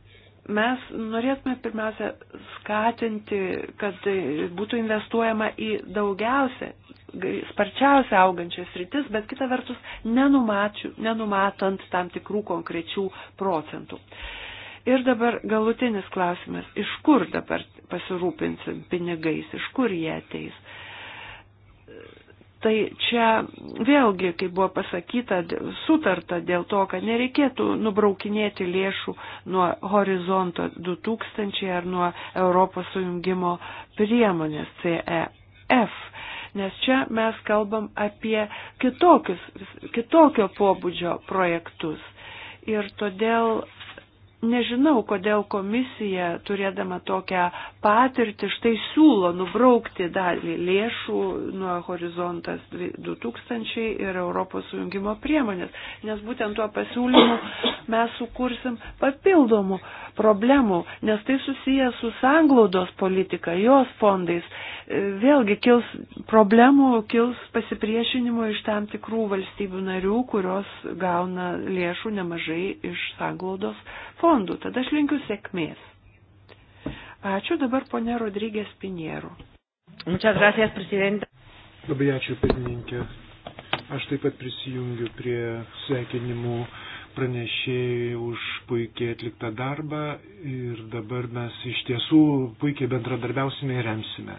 Mes norėtume pirmiausia skatinti, kad tai būtų investuojama į daugiausia, sparčiausia augančias rytis, bet kita vertus nenumatant tam tikrų konkrečių procentų. Ir dabar galutinis klausimas, iš kur dabar pasirūpinsim pinigais, iš kur jie ateis. Tai čia vėlgi, kaip buvo pasakyta, sutarta dėl to, kad nereikėtų nubraukinėti lėšų nuo horizonto 2000 ar nuo Europos sujungimo priemonės CEF. Nes čia mes kalbam apie kitokius, kitokio pobūdžio projektus. Ir todėl nežinau, kodėl komisija, turėdama tokią patirtį, štai siūlo nubraukti dalį lėšų nuo horizontas 2000 ir Europos sujungimo priemonės, nes būtent tuo pasiūlymu mes sukursim papildomų problemų, nes tai susiję su sanglaudos politika, jos fondais. E, vėlgi kils problemų, kils pasipriešinimo iš tam tikrų valstybių narių, kurios gauna lėšų nemažai iš sanglaudos fondų. Tada aš linkiu sėkmės. Ačiū dabar ponė Rodrygės Pinierų. Muchas gracias, prezidentė. Labai ačiū, pirmininkė. Aš taip pat prisijungiu prie sveikinimų pranešėjai už puikiai atliktą darbą ir dabar mes iš tiesų puikiai bendradarbiausime ir remsime.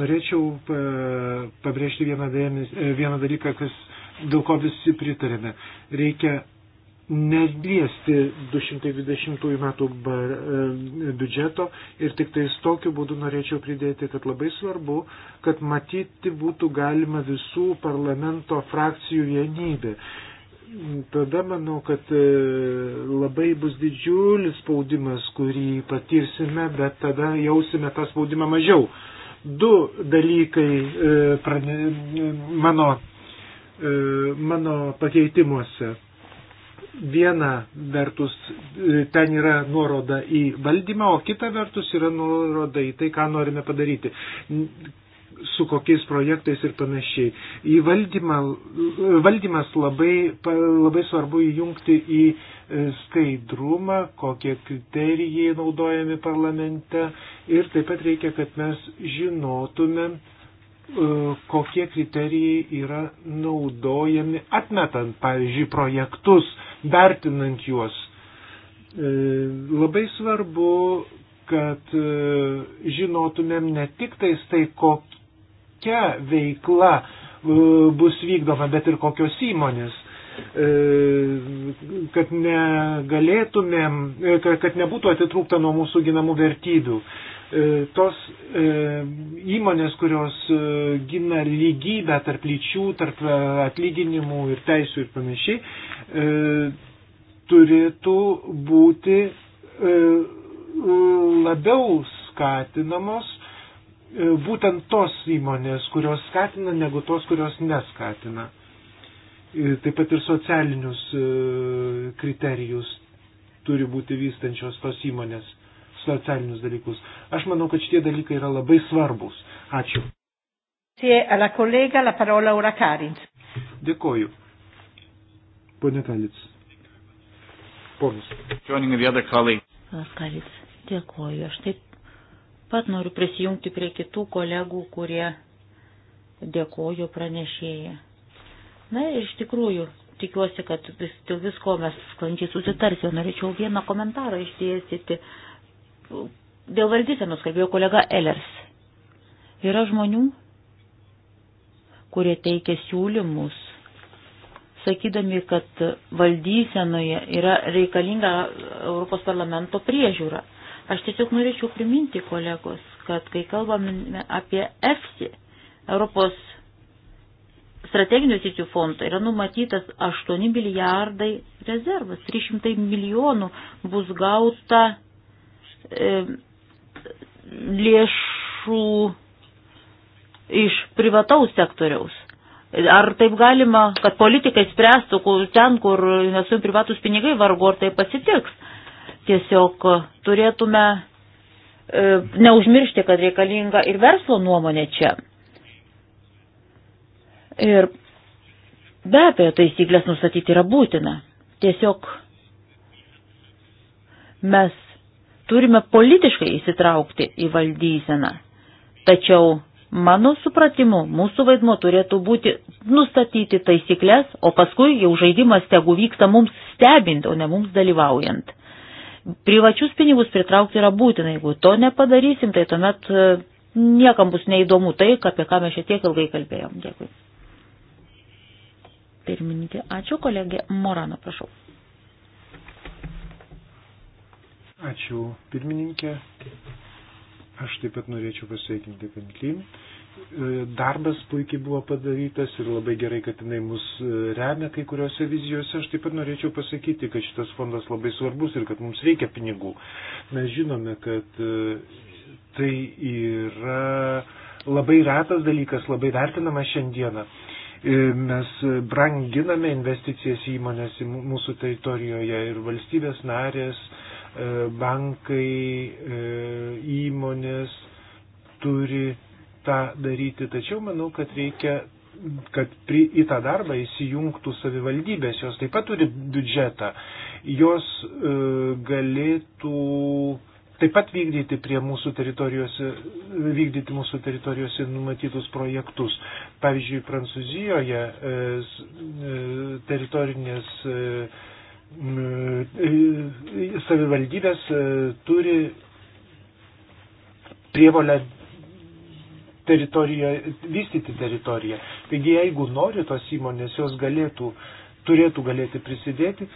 Norėčiau pabrėžti vieną, vieną dalyką, kas, dėl ko visi pritarėme. Reikia neliesti 220 metų bar, e, biudžeto ir tik tais tokiu būdu norėčiau pridėti, kad labai svarbu, kad matyti būtų galima visų parlamento frakcijų vienybė. Tada manau, kad e, labai bus didžiulis spaudimas, kurį patirsime, bet tada jausime tą spaudimą mažiau. Du dalykai e, prane, mano, e, mano pakeitimuose viena vertus e, ten yra nuoroda į valdymą, o kita vertus yra nuoroda į tai, ką norime padaryti su kokiais projektais ir panašiai. Į valdymą, e, valdymas labai, labai svarbu įjungti į e, skaidrumą, kokie kriterijai naudojami parlamente ir taip pat reikia, kad mes žinotume, E, kokie kriterijai yra naudojami atmetant, pavyzdžiui, projektus, vertinant juos. E, labai svarbu, kad e, žinotumėm ne tik tais tai, kokia veikla bus vykdoma, bet ir kokios įmonės. E, kad negalėtumėm, e, kad nebūtų atitrūkta nuo mūsų ginamų vertybių. E, tos įmonės, kurios gina lygybę tarp lyčių, tarp atlyginimų ir teisų ir panašiai, turėtų būti labiau skatinamos būtent tos įmonės, kurios skatina, negu tos, kurios neskatina taip pat ir socialinius e, kriterijus turi būti vystančios tos įmonės, socialinius dalykus. Aš manau, kad šitie dalykai yra labai svarbus. Ačiū. Dėkoju. Pone Kalic. Ponas. Kalic, dėkoju. Aš taip pat noriu prisijungti prie kitų kolegų, kurie dėkoju pranešėjai. Na ir iš tikrųjų, tikiuosi, kad vis, dėl visko mes sklandžiai susitarsime. Norėčiau vieną komentarą išdėstyti. Dėl valdysenos kalbėjo kolega Elers. Yra žmonių, kurie teikia siūlymus, sakydami, kad valdysenoje yra reikalinga Europos parlamento priežiūra. Aš tiesiog norėčiau priminti kolegos, kad kai kalbame apie EFSI, Europos strateginių sričių fondo tai yra numatytas 8 milijardai rezervas, 300 milijonų bus gauta e, lėšų iš privataus sektoriaus. Ar taip galima, kad politikai spręstų kur, ten, kur nesu privatus pinigai vargu, ar tai pasitiks. Tiesiog turėtume e, neužmiršti, kad reikalinga ir verslo nuomonė čia. Ir be abejo, taisyklės nustatyti yra būtina. Tiesiog mes turime politiškai įsitraukti į valdyseną. Tačiau mano supratimu, mūsų vaidmo turėtų būti nustatyti taisyklės, o paskui jau žaidimas tegu vyksta mums stebint, o ne mums dalyvaujant. Privačius pinigus pritraukti yra būtina, jeigu to nepadarysim, tai tuomet e, niekam bus neįdomu tai, apie ką mes šiek tiek ilgai kalbėjom. Dėkui. Pirmininkė, ačiū kolegė Morano, prašau. Ačiū pirmininkė. Aš taip pat norėčiau pasveikinti Kanklin. E, darbas puikiai buvo padarytas ir labai gerai, kad jinai mus e, remia kai kuriuose vizijose. Aš taip pat norėčiau pasakyti, kad šitas fondas labai svarbus ir kad mums reikia pinigų. Mes žinome, kad e, tai yra labai retas dalykas, labai vertinamas šiandieną. E, mes branginame investicijas į įmonės mūsų teritorijoje ir valstybės narės, e, bankai, e, įmonės turi tą daryti. Tačiau manau, kad reikia kad pri, į tą darbą įsijungtų savivaldybės, jos taip pat turi biudžetą, jos e, galėtų e, taip pat vykdyti prie mūsų teritorijos, vykdyti mūsų teritorijos numatytus projektus. Pavyzdžiui, Prancūzijoje e, e, teritorinės e, savivaldybės turi prievolę teritoriją, vystyti teritoriją. Taigi, jeigu nori tos įmonės, jos galėtų, turėtų galėti prisidėti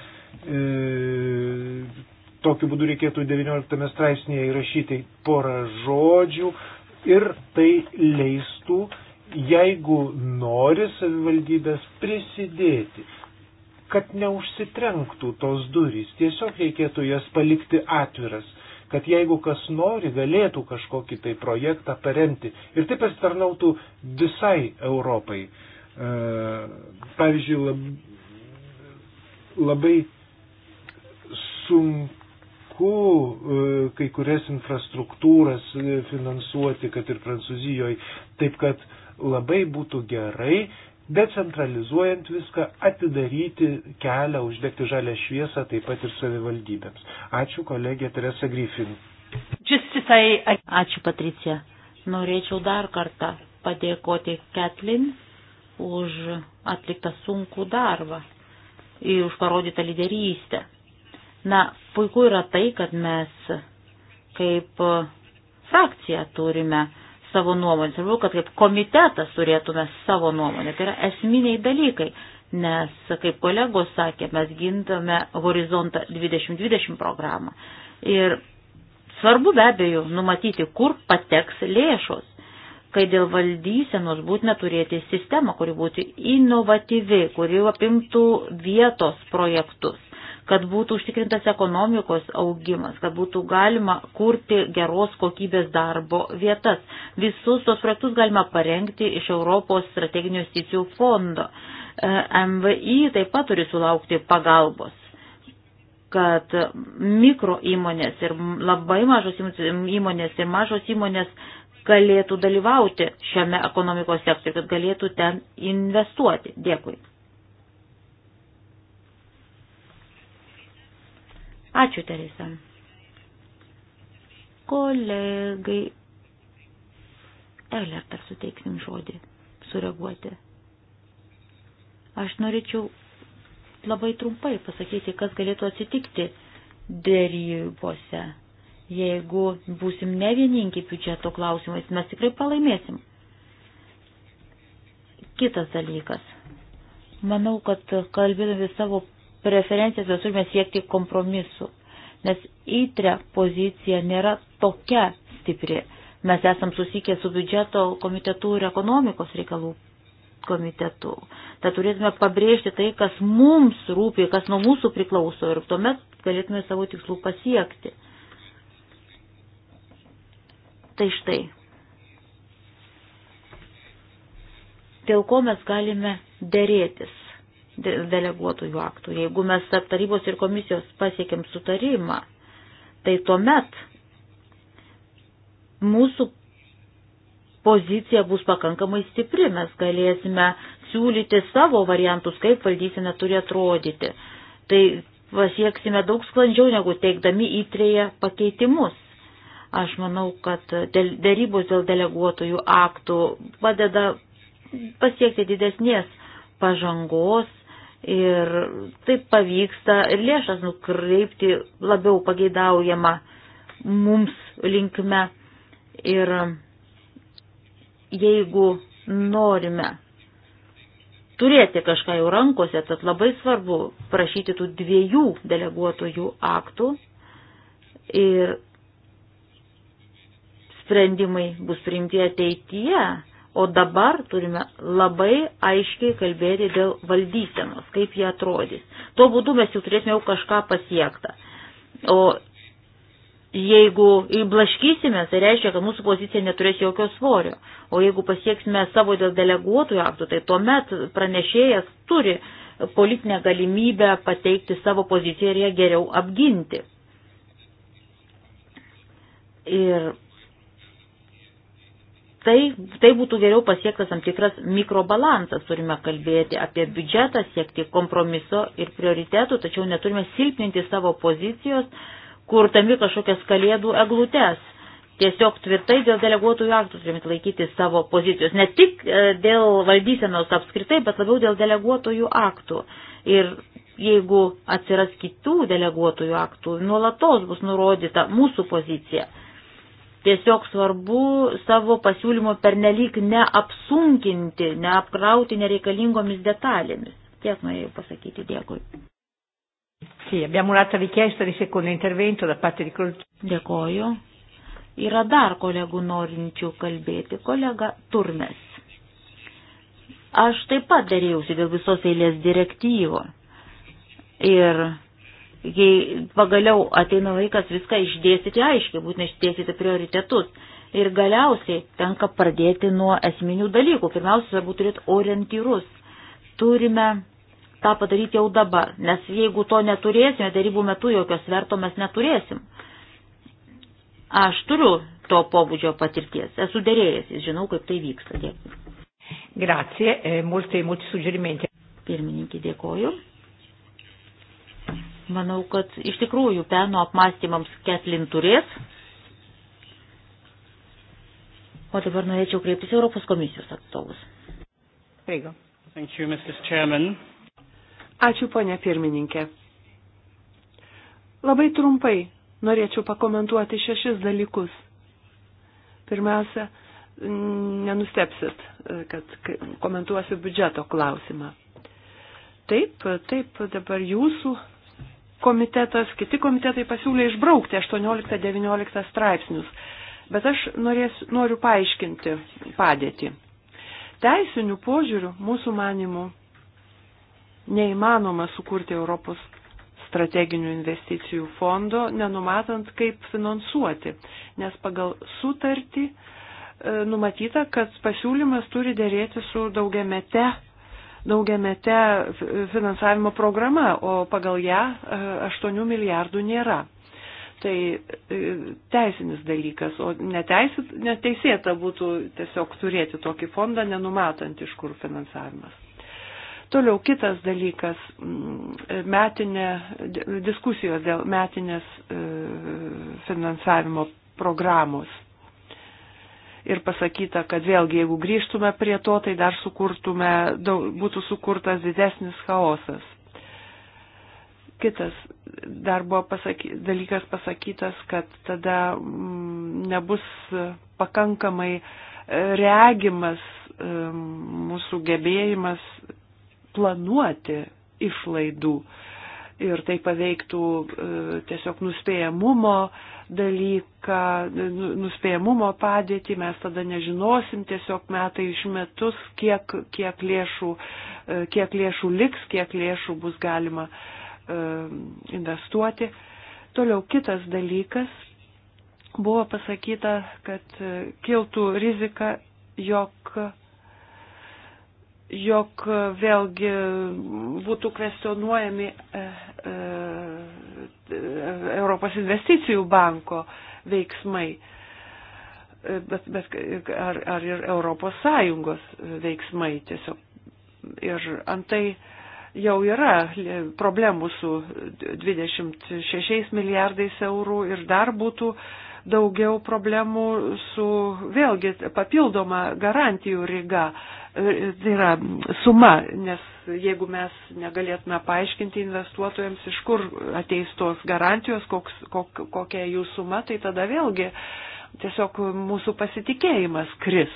Tokiu būdu reikėtų 19 straipsnėje įrašyti porą žodžių ir tai leistų, jeigu nori savivaldybės prisidėti, kad neužsitrenktų tos durys, tiesiog reikėtų jas palikti atviras kad jeigu kas nori, galėtų kažkokį tai projektą paremti ir taip pasitarnautų visai Europai. E, pavyzdžiui, lab, labai sunku laikų e, kai kurias infrastruktūras e, finansuoti, kad ir Prancūzijoje. Taip kad labai būtų gerai, decentralizuojant viską, atidaryti kelią, uždegti žalę šviesą taip pat ir savivaldybėms. Ačiū kolegė Teresa Griffin. Ačiū Patricija. Norėčiau dar kartą padėkoti Ketlin už atliktą sunkų darbą ir už parodytą lyderystę. Na, puiku yra tai, kad mes kaip frakcija turime savo nuomonę, svarbu, kad kaip komitetas turėtume savo nuomonę. Tai yra esminiai dalykai, nes, kaip kolegos sakė, mes gintame horizontą 2020 programą. Ir svarbu be abejo numatyti, kur pateks lėšos, kai dėl valdysenos būtina turėti sistemą, kuri būtų inovatyvi, kuri apimtų vietos projektus kad būtų užtikrintas ekonomikos augimas, kad būtų galima kurti geros kokybės darbo vietas. Visus tos projektus galima parengti iš Europos strateginių investicijų fondo. E, MVI taip pat turi sulaukti pagalbos kad mikro įmonės ir labai mažos įmonės ir mažos įmonės galėtų dalyvauti šiame ekonomikos sektoriu, kad galėtų ten investuoti. Dėkui. Ačiū, Teresa. Kolegai Eller dar suteiksim žodį sureaguoti. Aš norėčiau labai trumpai pasakyti, kas galėtų atsitikti dėrybose. Jeigu būsim ne vieningi biudžeto klausimais, mes tikrai pralaimėsim. Kitas dalykas. Manau, kad kalbėdami savo preferencijas mes turime siekti kompromisu, nes įtre pozicija nėra tokia stipri. Mes esam susikę su biudžeto komitetu ir ekonomikos reikalų komitetu. Tad turėtume pabrėžti tai, kas mums rūpi, kas nuo mūsų priklauso ir tuomet galėtume savo tikslų pasiekti. Tai štai. Dėl ko mes galime dėrėtis? deleguotųjų aktų. Jeigu mes tarp tarybos ir komisijos pasiekėm sutarimą, tai tuomet mūsų pozicija bus pakankamai stipri, mes galėsime siūlyti savo variantus, kaip valdysena turi atrodyti. Tai pasieksime daug sklandžiau negu teikdami įtrėje pakeitimus. Aš manau, kad dėrybos dėl deleguotojų aktų padeda pasiekti didesnės pažangos ir taip pavyksta lėšas nukreipti labiau pageidaujama mums linkme ir jeigu norime turėti kažką jau rankose, tad labai svarbu prašyti tų dviejų deleguotojų aktų ir sprendimai bus priimti ateityje O dabar turime labai aiškiai kalbėti dėl valdysenos, kaip jie atrodys. Tuo būdu mes jau turėsime jau kažką pasiektą. O jeigu įblaškysime, tai reiškia, kad mūsų pozicija neturės jokio svorio. O jeigu pasieksime savo dėl deleguotų aktų, tai tuomet pranešėjas turi politinę galimybę pateikti savo poziciją ir ją geriau apginti. Ir tai, tai būtų geriau pasiektas tam tikras mikrobalansas. Turime kalbėti apie biudžetą, siekti kompromiso ir prioritetų, tačiau neturime silpninti savo pozicijos, kurdami kažkokias kalėdų eglutes. Tiesiog tvirtai dėl deleguotųjų aktų turime laikyti savo pozicijos. Ne tik e, dėl valdysenos apskritai, bet labiau dėl deleguotųjų aktų. Ir jeigu atsiras kitų deleguotųjų aktų, nuolatos bus nurodyta mūsų pozicija. Tiesiog svarbu savo pasiūlymo pernelyg neapsunkinti, neapkrauti nereikalingomis detalėmis. Tiek norėjau pasakyti. Dėkui. Sì, abbiamo un'altra richiesta di secondo intervento da parte di Dėkoju. Yra dar kolegų norinčių kalbėti. Kolega Turmes. Aš taip pat dėrėjausi dėl visos eilės direktyvo. Ir jei pagaliau ateina laikas viską išdėstyti aiškiai, būtina išdėstyti prioritetus. Ir galiausiai tenka pradėti nuo esminių dalykų. Pirmiausia, svarbu turėti orientyrus. Turime tą padaryti jau dabar, nes jeigu to neturėsime, darybų metu jokios verto mes neturėsim. Aš turiu to pobūdžio patirties, esu dėrėjęsis, žinau, kaip tai vyksta. Dėkui. Grazie, e molti, molti suggerimenti. Pirmininkį dėkoju. Manau, kad iš tikrųjų peno apmąstymams Ketlin turės. O dabar norėčiau kreiptis Europos komisijos atstovus. Reigo. Ačiū, ponė pirmininkė. Labai trumpai norėčiau pakomentuoti šešis dalykus. Pirmiausia, nenustepsit, kad komentuosiu biudžeto klausimą. Taip, taip, dabar jūsų komitetas, kiti komitetai pasiūlė išbraukti 18-19 straipsnius. Bet aš norės, noriu paaiškinti padėtį. Teisinių požiūrių mūsų manimų neįmanoma sukurti Europos strateginių investicijų fondo, nenumatant, kaip finansuoti, nes pagal sutartį e, numatyta, kad pasiūlymas turi dėrėti su daugiamete daugiamete finansavimo programa, o pagal ją 8 e, milijardų nėra. Tai e, teisinis dalykas, o neteisit, neteisėta būtų tiesiog turėti tokį fondą, nenumatant iš kur finansavimas. Toliau kitas dalykas - metinė, diskusijos dėl metinės e, finansavimo programos ir pasakyta, kad vėlgi, jeigu grįžtume prie to, tai dar sukurtume, daug, būtų sukurtas didesnis chaosas. Kitas dar buvo pasaky, dalykas pasakytas, kad tada m, mm, nebus pakankamai e, reagimas m, e, mūsų gebėjimas planuoti išlaidų. M, ir tai paveiktų e, tiesiog nuspėjamumo dalyką, nu, nuspėjamumo padėtį, mes tada nežinosim tiesiog metai iš metus, kiek, kiek, lėšų, e, kiek lėšų liks, kiek lėšų bus galima e, investuoti. Toliau kitas dalykas buvo pasakyta, kad kiltų rizika, jog jog vėlgi būtų kvestionuojami E, Europos investicijų banko veiksmai, e, bet, bet ar, ar ir Europos Sąjungos veiksmai tiesiog. Ir antai jau yra problemų su 26 milijardais eurų ir dar būtų daugiau problemų su vėlgi papildoma garantijų ryga tai yra suma, nes jeigu mes negalėtume paaiškinti investuotojams, iš kur ateis tos garantijos, koks, kok, kokia jų suma, tai tada vėlgi tiesiog mūsų pasitikėjimas kris.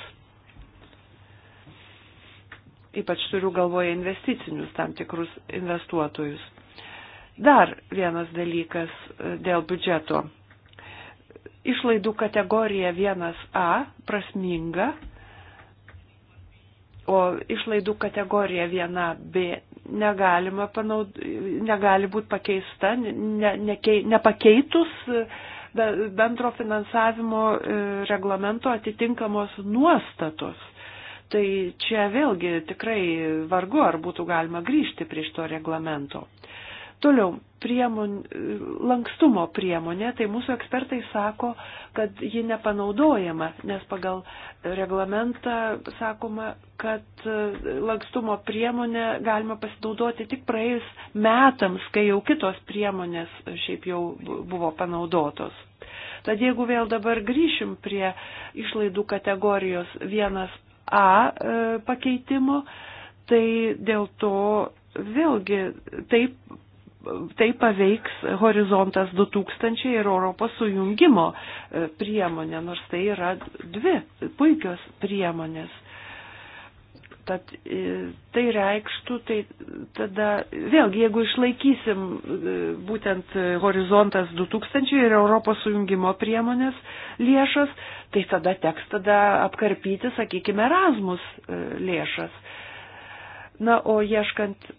Ypač turiu galvoje investicinius tam tikrus investuotojus. Dar vienas dalykas e, dėl biudžeto. Išlaidų kategorija 1A prasminga O išlaidų kategorija 1B negalima panaud... negali būti pakeista, ne, nekei... nepakeitus bendro finansavimo e, reglamento atitinkamos nuostatos. Tai čia vėlgi tikrai vargu, ar būtų galima grįžti prie šito reglamento. Toliau, priemon, lankstumo priemonė, tai mūsų ekspertai sako, kad ji nepanaudojama, nes pagal reglamentą sakoma, kad e, lankstumo priemonė galima pasinaudoti tik praėjus metams, kai jau kitos priemonės e, šiaip jau buvo panaudotos. Tad jeigu vėl dabar grįšim prie išlaidų kategorijos 1A e, pakeitimo, tai dėl to vėlgi taip tai paveiks horizontas 2000 ir Europos sujungimo e, priemonė, nors tai yra dvi puikios priemonės. Tad e, tai reikštų, tai tada vėlgi, jeigu išlaikysim e, būtent horizontas 2000 ir Europos sujungimo priemonės lėšas, tai tada teks tada apkarpyti, sakykime, Erasmus lėšas. Na, o ieškant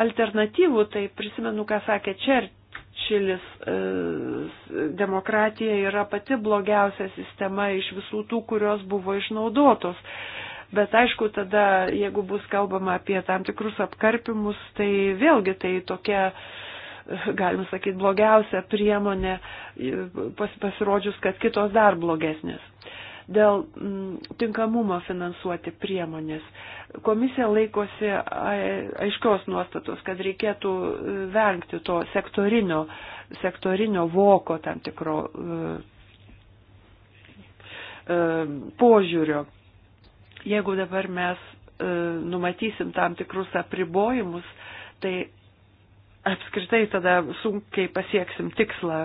alternatyvų, tai prisimenu, ką sakė Čerčilis, e, demokratija yra pati blogiausia sistema iš visų tų, kurios buvo išnaudotos. Bet aišku, tada, jeigu bus kalbama apie tam tikrus apkarpimus, tai vėlgi tai tokia, galim sakyti, blogiausia priemonė e, pasirodžius, kad kitos dar blogesnės dėl mm, tinkamumo finansuoti priemonės. Komisija laikosi aiškios nuostatos, kad reikėtų e, vengti to sektorinio, sektorinio voko tam tikro e, e, požiūrio. Jeigu dabar mes numatysim tam tikrus apribojimus, tai apskritai tada sunkiai pasieksim tikslą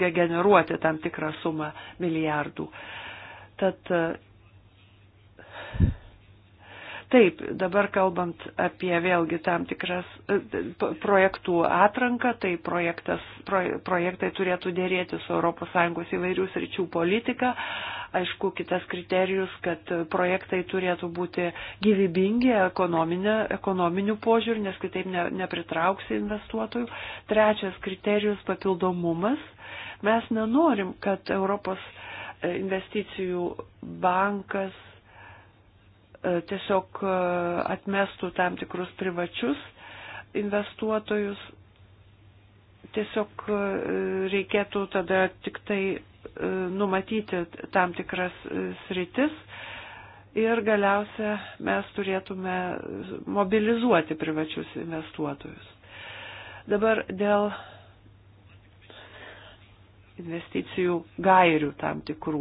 generuoti tam tikrą sumą milijardų. Uh, Tad Taip, dabar kalbant apie vėlgi tam tikras e, projektų atranką, tai projektas, projektai turėtų dėrėti su ES įvairių sričių politika. Aišku, kitas kriterijus, kad projektai turėtų būti gyvybingi ekonominių požiūrių, nes kitaip ne, nepritrauksi investuotojų. Trečias kriterijus - papildomumas. Mes nenorim, kad ES investicijų bankas e, tiesiog e, atmestų tam tikrus privačius investuotojus. Tiesiog e, reikėtų tada tik tai numatyti tam tikras sritis ir galiausia mes turėtume mobilizuoti privačius investuotojus. Dabar dėl investicijų gairių tam tikrų.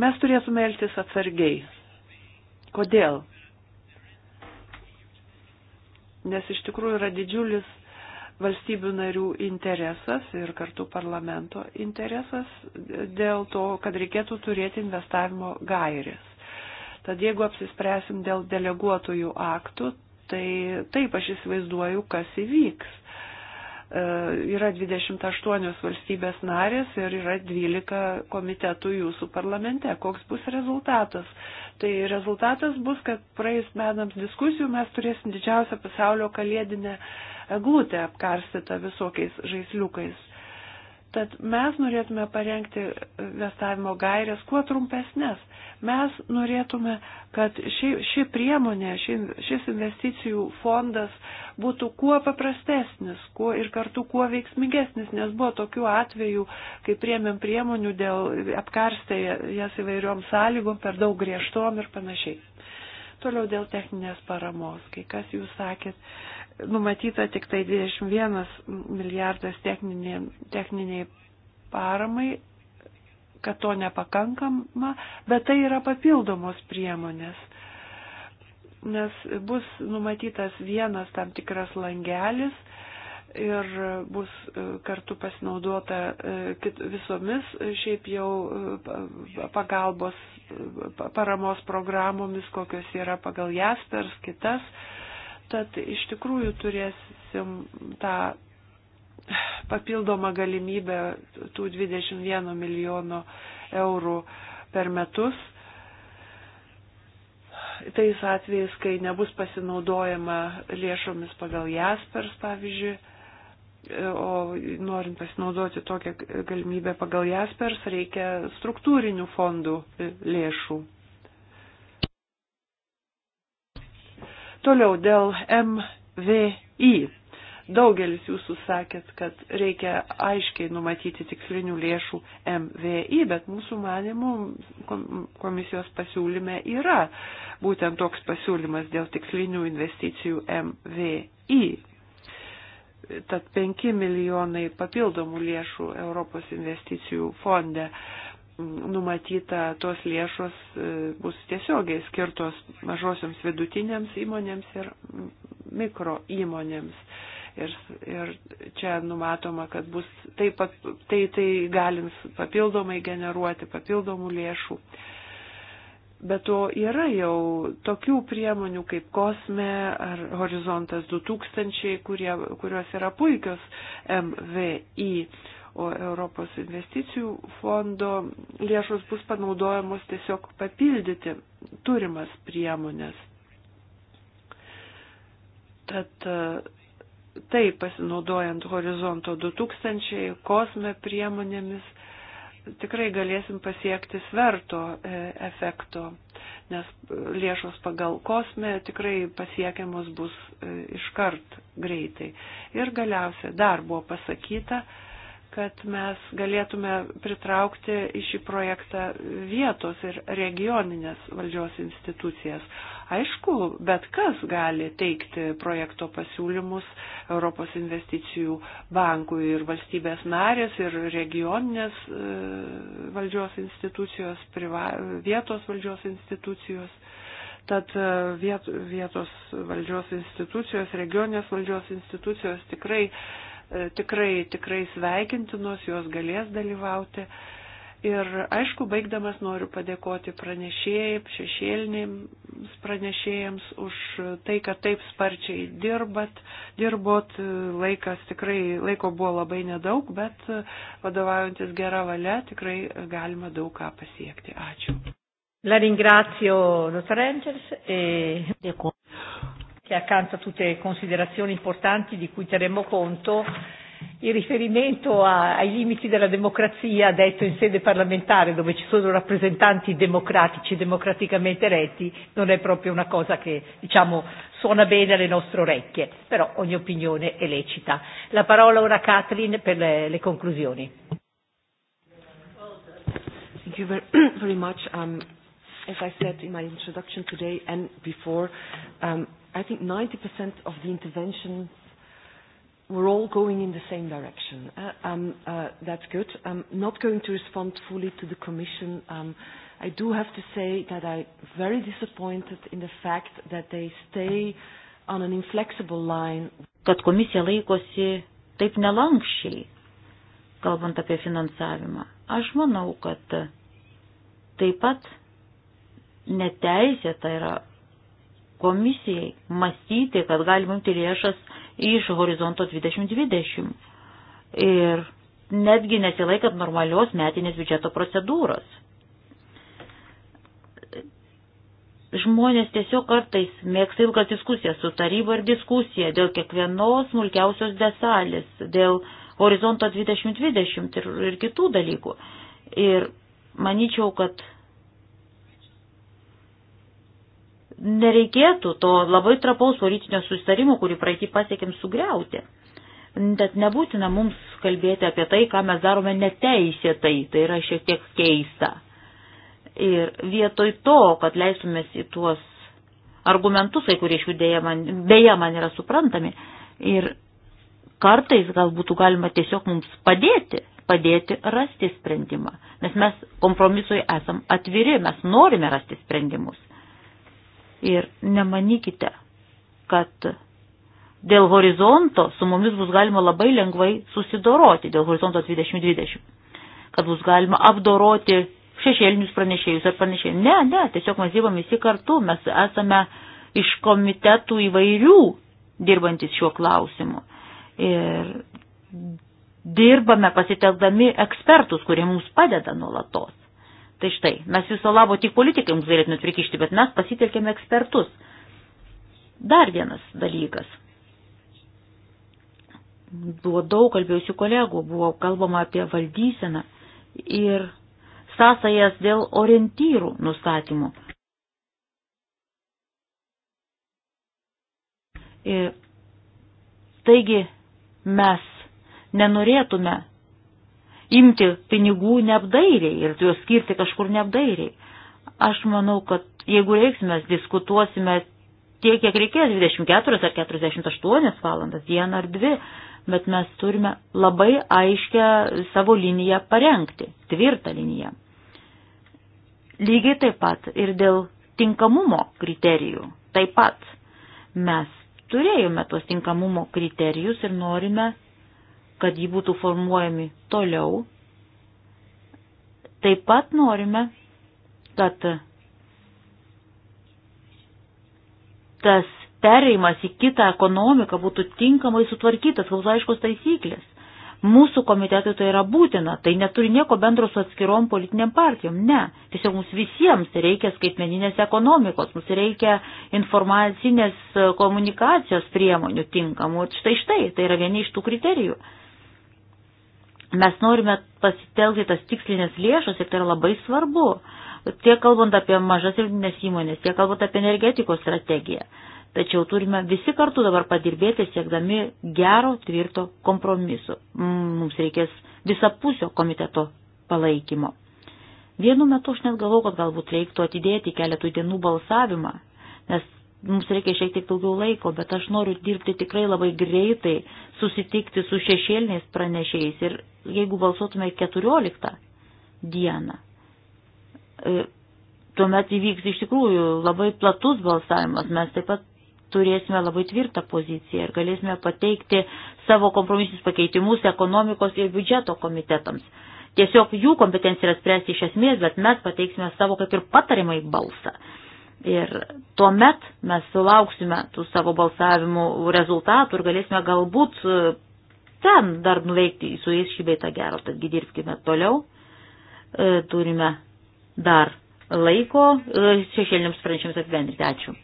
Mes turėtume elgtis atsargiai. Kodėl? Nes iš tikrųjų yra didžiulis valstybių narių interesas ir kartu parlamento interesas dėl to, kad reikėtų turėti investavimo gairės. Tad jeigu apsispręsim dėl deleguotojų aktų, tai taip aš įsivaizduoju, kas įvyks. E, yra 28 valstybės narės ir yra 12 komitetų jūsų parlamente. Koks bus rezultatas? Tai rezultatas bus, kad praėjus metams diskusijų mes turėsim didžiausią pasaulio kalėdinę eglutę apkarstytą visokiais žaisliukais. Tad mes norėtume parengti vestavimo gairias kuo trumpesnės. Mes norėtume, kad ši, ši priemonė, ši, šis investicijų fondas būtų kuo paprastesnis kuo ir kartu kuo veiksmingesnis, nes buvo tokių atvejų, kai priemėm priemonių dėl apkarstę jas įvairiom sąlygom, per daug griežtom ir panašiai. Toliau dėl techninės paramos, kai kas jūs sakėt numatyta tik tai 21 milijardas techniniai, techniniai paramai, kad to nepakankama, bet tai yra papildomos priemonės. Nes bus numatytas vienas tam tikras langelis ir bus e, kartu pasinaudota e, visomis e, šiaip jau pagalbos, paramos programomis, kokios yra pagal jas per kitas Tad iš tikrųjų turėsim tą papildomą galimybę tų 21 milijono eurų per metus. Tais atvejais, kai nebus pasinaudojama lėšomis pagal Jaspers, pavyzdžiui, o norint pasinaudoti tokią galimybę pagal Jaspers, reikia struktūrinių fondų lėšų. Toliau dėl MVI. Daugelis jūsų sakėt, kad reikia aiškiai numatyti tikslinių lėšų MVI, bet mūsų manimų komisijos pasiūlyme yra būtent toks pasiūlymas dėl tikslinių investicijų MVI. Tad 5 milijonai papildomų lėšų Europos investicijų fonde numatyta tos lėšos e, bus tiesiogiai skirtos mažosioms vidutinėms įmonėms ir mikro įmonėms. Ir, ir čia numatoma, kad bus tai, tai, tai galins papildomai generuoti papildomų lėšų. Bet to yra jau tokių priemonių kaip Kosme ar Horizontas 2000, kurie, kurios yra puikios MVI o Europos investicijų fondo lėšos bus panaudojamos tiesiog papildyti turimas priemonės. Tad e, tai pasinaudojant horizonto 2000 kosme priemonėmis tikrai galėsim pasiekti sverto e, efekto, nes e, lėšos pagal kosmę tikrai pasiekiamos bus iškart greitai. Ir galiausia dar buvo pasakyta, kad mes galėtume pritraukti į šį projektą vietos ir regioninės valdžios institucijas. Aišku, bet kas gali teikti projekto pasiūlymus Europos investicijų bankui ir valstybės narės ir regioninės e, valdžios institucijos, priva, vietos valdžios institucijos tad e, vietos valdžios institucijos, regioninės valdžios institucijos tikrai E, tikrai, tikrai sveikintinos, jos galės dalyvauti. Ir aišku, baigdamas noriu padėkoti pranešėjai, šešėlinėms pranešėjams už tai, kad taip sparčiai dirbat, dirbot, laikas tikrai, laiko buvo labai nedaug, bet vadovaujantis gerą valią tikrai galima daug ką pasiekti. Ačiū. La ringrazio, dottor Rangers. E... Dėkuoju che accanto a tutte le considerazioni importanti di cui terremo conto, il riferimento a, ai limiti della democrazia detto in sede parlamentare, dove ci sono rappresentanti democratici democraticamente eletti, non è proprio una cosa che diciamo, suona bene alle nostre orecchie, però ogni opinione è lecita. La parola ora a Kathleen per le, le conclusioni. Thank you very, very much. Um, as I said in my introduction today and before, um, I think 90% of the interventions were all going in the same direction. Uh, um, uh, that's good. I'm not going to respond fully to the Commission. Um, I do have to say that I'm very disappointed in the fact that they stay on an inflexible line. Kad komisija laikosi taip nelankščiai, kalbant apie finansavimą. Aš manau, kad taip pat neteisėta yra komisijai mąstyti, kad galima imti lėšas iš horizonto 2020 ir netgi nesilaikant normalios metinės biudžeto procedūros. Žmonės tiesiog kartais mėgsta ilgas diskusijas su taryba ir diskusija dėl kiekvienos smulkiausios desalės, dėl horizonto 2020 ir, ir kitų dalykų. Ir manyčiau, kad nereikėtų to labai trapaus politinio sustarimo, kurį praeitį pasiekėm sugriauti. Bet nebūtina mums kalbėti apie tai, ką mes darome neteisėtai, tai yra šiek tiek keista. Ir vietoj to, kad leisumės į tuos argumentus, kai kurie iš jų dėja man, beje man yra suprantami, ir kartais gal būtų galima tiesiog mums padėti, padėti rasti sprendimą, nes mes kompromisui esam atviri, mes norime rasti sprendimus. Ir nemanykite, kad dėl horizonto su mumis bus galima labai lengvai susidoroti, dėl horizonto 2020, kad bus galima apdoroti šešėlinius pranešėjus ar panašiai. Ne, ne, tiesiog mes dirbame visi kartu, mes esame iš komitetų įvairių dirbantis šiuo klausimu. Ir dirbame pasitelkdami ekspertus, kurie mums padeda nuolatos. Tai štai, mes viso labo tik politikams galėtumėt prikišti, bet mes pasitelkėme ekspertus. Dar vienas dalykas. Buvo daug kalbėjusių kolegų, buvo kalbama apie valdyseną ir sąsajas dėl orientyrų nustatymų. Ir e, taigi mes nenorėtume imti pinigų neapdairiai ir juos skirti kažkur neapdairiai. Aš manau, kad jeigu reiks, mes diskutuosime tiek, kiek reikės, 24 ar 48 valandas, dieną ar dvi, bet mes turime labai aiškę savo liniją parengti, tvirtą liniją. Lygiai taip pat ir dėl tinkamumo kriterijų. Taip pat mes turėjome tuos tinkamumo kriterijus ir norime kad jį būtų formuojami toliau. Taip pat norime, kad tas pereimas į kitą ekonomiką būtų tinkamai sutvarkytas, kad būtų aiškus taisyklės. Mūsų komitetui tai yra būtina, tai neturi nieko bendro su atskirom politiniam partijom, ne. Tiesiog mums visiems reikia skaitmeninės ekonomikos, mums reikia informacinės komunikacijos priemonių tinkamų. Štai štai, tai yra vieni iš tų kriterijų. Mes norime pasitelkti tas tikslinės lėšas ir tai yra labai svarbu, tiek kalbant apie mažas ir didinės įmonės, tiek kalbant apie energetikos strategiją. Tačiau turime visi kartu dabar padirbėti siekdami gero, tvirto kompromiso. Mums reikės visapusio komiteto palaikymo. Vienu metu aš net galvau, kad galbūt reiktų atidėti keletų dienų balsavimą, nes mums reikia šiek tiek daugiau laiko, bet aš noriu dirbti tikrai labai greitai, susitikti su šešėliniais pranešėjais ir jeigu balsuotume 14 dieną, e, tuomet įvyks iš tikrųjų labai platus balsavimas, mes taip pat turėsime labai tvirtą poziciją ir galėsime pateikti savo kompromisus pakeitimus ekonomikos ir biudžeto komitetams. Tiesiog jų kompetencija yra spręsti iš esmės, bet mes pateiksime savo kaip ir patarimai balsą. Ir tuomet mes sulauksime tų savo balsavimų rezultatų ir galėsime galbūt e, ten dar nuveikti su jais šį beitą gero, tadgi dirbkime toliau, e, turime dar laiko e, šešėliniams pranešimams apibendrinti. Ačiū.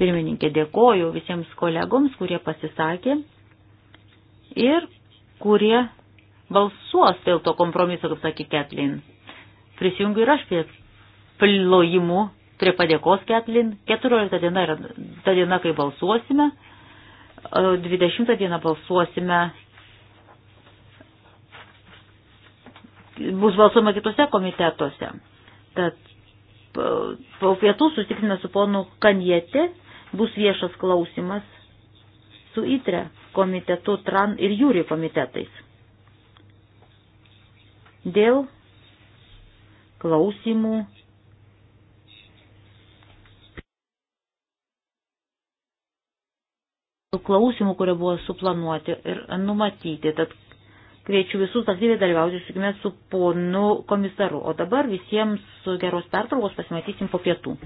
Pirmininkė, dėkoju visiems kolegoms, kurie pasisakė ir kurie balsuos dėl to kompromiso, kaip sakė Ketlin. Prisijungiu ir aš prie plojimų, prie padėkos Ketlin. 14 diena yra ta diena, kai balsuosime. 20 e, dieną balsuosime bus balsuojama kitose komitetuose. Tad po pietų susitiksime su ponu Kanjete, bus viešas klausimas su ITRE komitetu TRAN ir JURI komitetais. Dėl klausimų klausimų, kurie buvo suplanuoti ir numatyti. Tad Kviečiu visus aktyviai dalyvauti susitikime su ponu komisaru. O dabar visiems geros pertraukos pasimatysim po pietų.